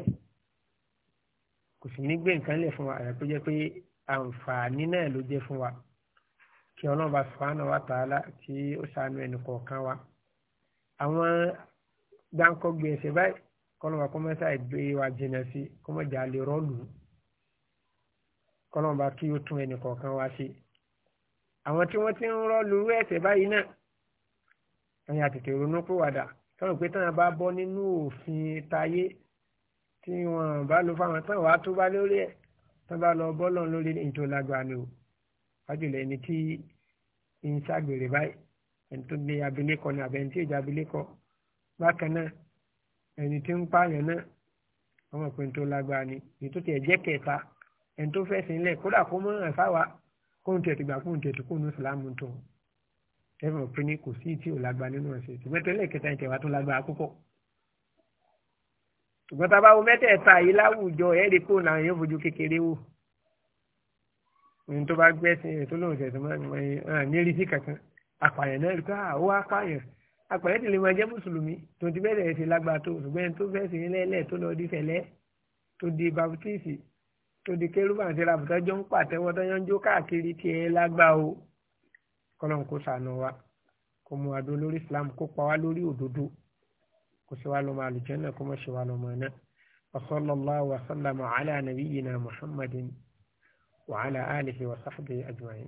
S1: kò sì ní gbé nǹkan lẹ̀ fún wa àyà tó jẹ́ pé àǹfààní náà ló jẹ́ fún wa kí ọlọ́run bá subhanahu wa ta'ala kí ó ṣàánú ẹnì kọ̀ọ̀kan wa àwọn gbáǹkọ gbèsè báyìí kọlọmọ kọmọ sáà gbé wa jìnnà sí kọmọ jà lè rọlù kọlọmọ bá kí o tún ẹnì kọ̀ọ̀kan wá sí àwọn tí wọ́n ti ń rọlù ẹsẹ̀ báyìí náà ẹ̀yin àtètè ronú pìwàdà sọ̀rọ̀ pé táwọn bá bọ́ nínú òfin tayé tí wọ́n bá lo fáwọn táwọn wàá tó bá lórí ẹ̀ tó bá lọ bọ́ lọ́n lórí ìjọ lágbàá ni o wájú lẹ́ni tí ń ṣàgbèrè báyìí ẹni tó ní abilékọ ni àbẹ̀ni tí èjà abilékọ bákan náà ẹni tí ń pààyàn náà ọmọ pé tó lágbára ni èyí tó tiẹ̀ jẹ́ kẹta ẹni tó fẹ́ sin lẹ̀ kódà kó mọ́ ẹ̀ fáwa kó ń tẹ̀tù gbà kó ń tẹ̀tù kó ń sàlámù tó ẹ̀fọn pé ní kò sí tí ò lágbára nínú ẹ̀sìn tùmẹ́tẹ́lẹ̀ kẹta ẹ̀ tẹ̀wá tó lágbára púpọ̀ ṣùgbọ́n tá a bá wo mẹ́tẹ̀ẹ̀ta yìí láwùjọ ẹ̀ẹ́dì kò náà yóò fojú kékeré wò ní bá gbẹ́sìn ẹ̀ tó lóun ṣẹ̀ṣẹ̀ máa ń ní apààyàn náà ká ah, àwọn apààyàn apààyàn ti lè máa jẹ́ mùsùlùmí tó ti bẹ́ẹ̀ ṣe lágbàá tó ṣùgbọ́n tó fẹ́ sí lẹ́lẹ̀ tó lọ di fẹ̀lẹ́ tó di baptisi tó di kérúbà àti rabùtà jọ ń pàtẹ́wọ́ tó yán jó káàkiri tiẹ̀ lágbàá o kọ́lọ́n kó sànù wa kó mú adó lórí Islam kó pa wá lórí òdodo kó sì wá lọ́mọ àlùjànnà kó mọ̀ ṣe wá lọ́mọ náà wa sallallahu wa sallama ala nabiyyina Muhammadin wa ala alihi wa sahbihi ajma'in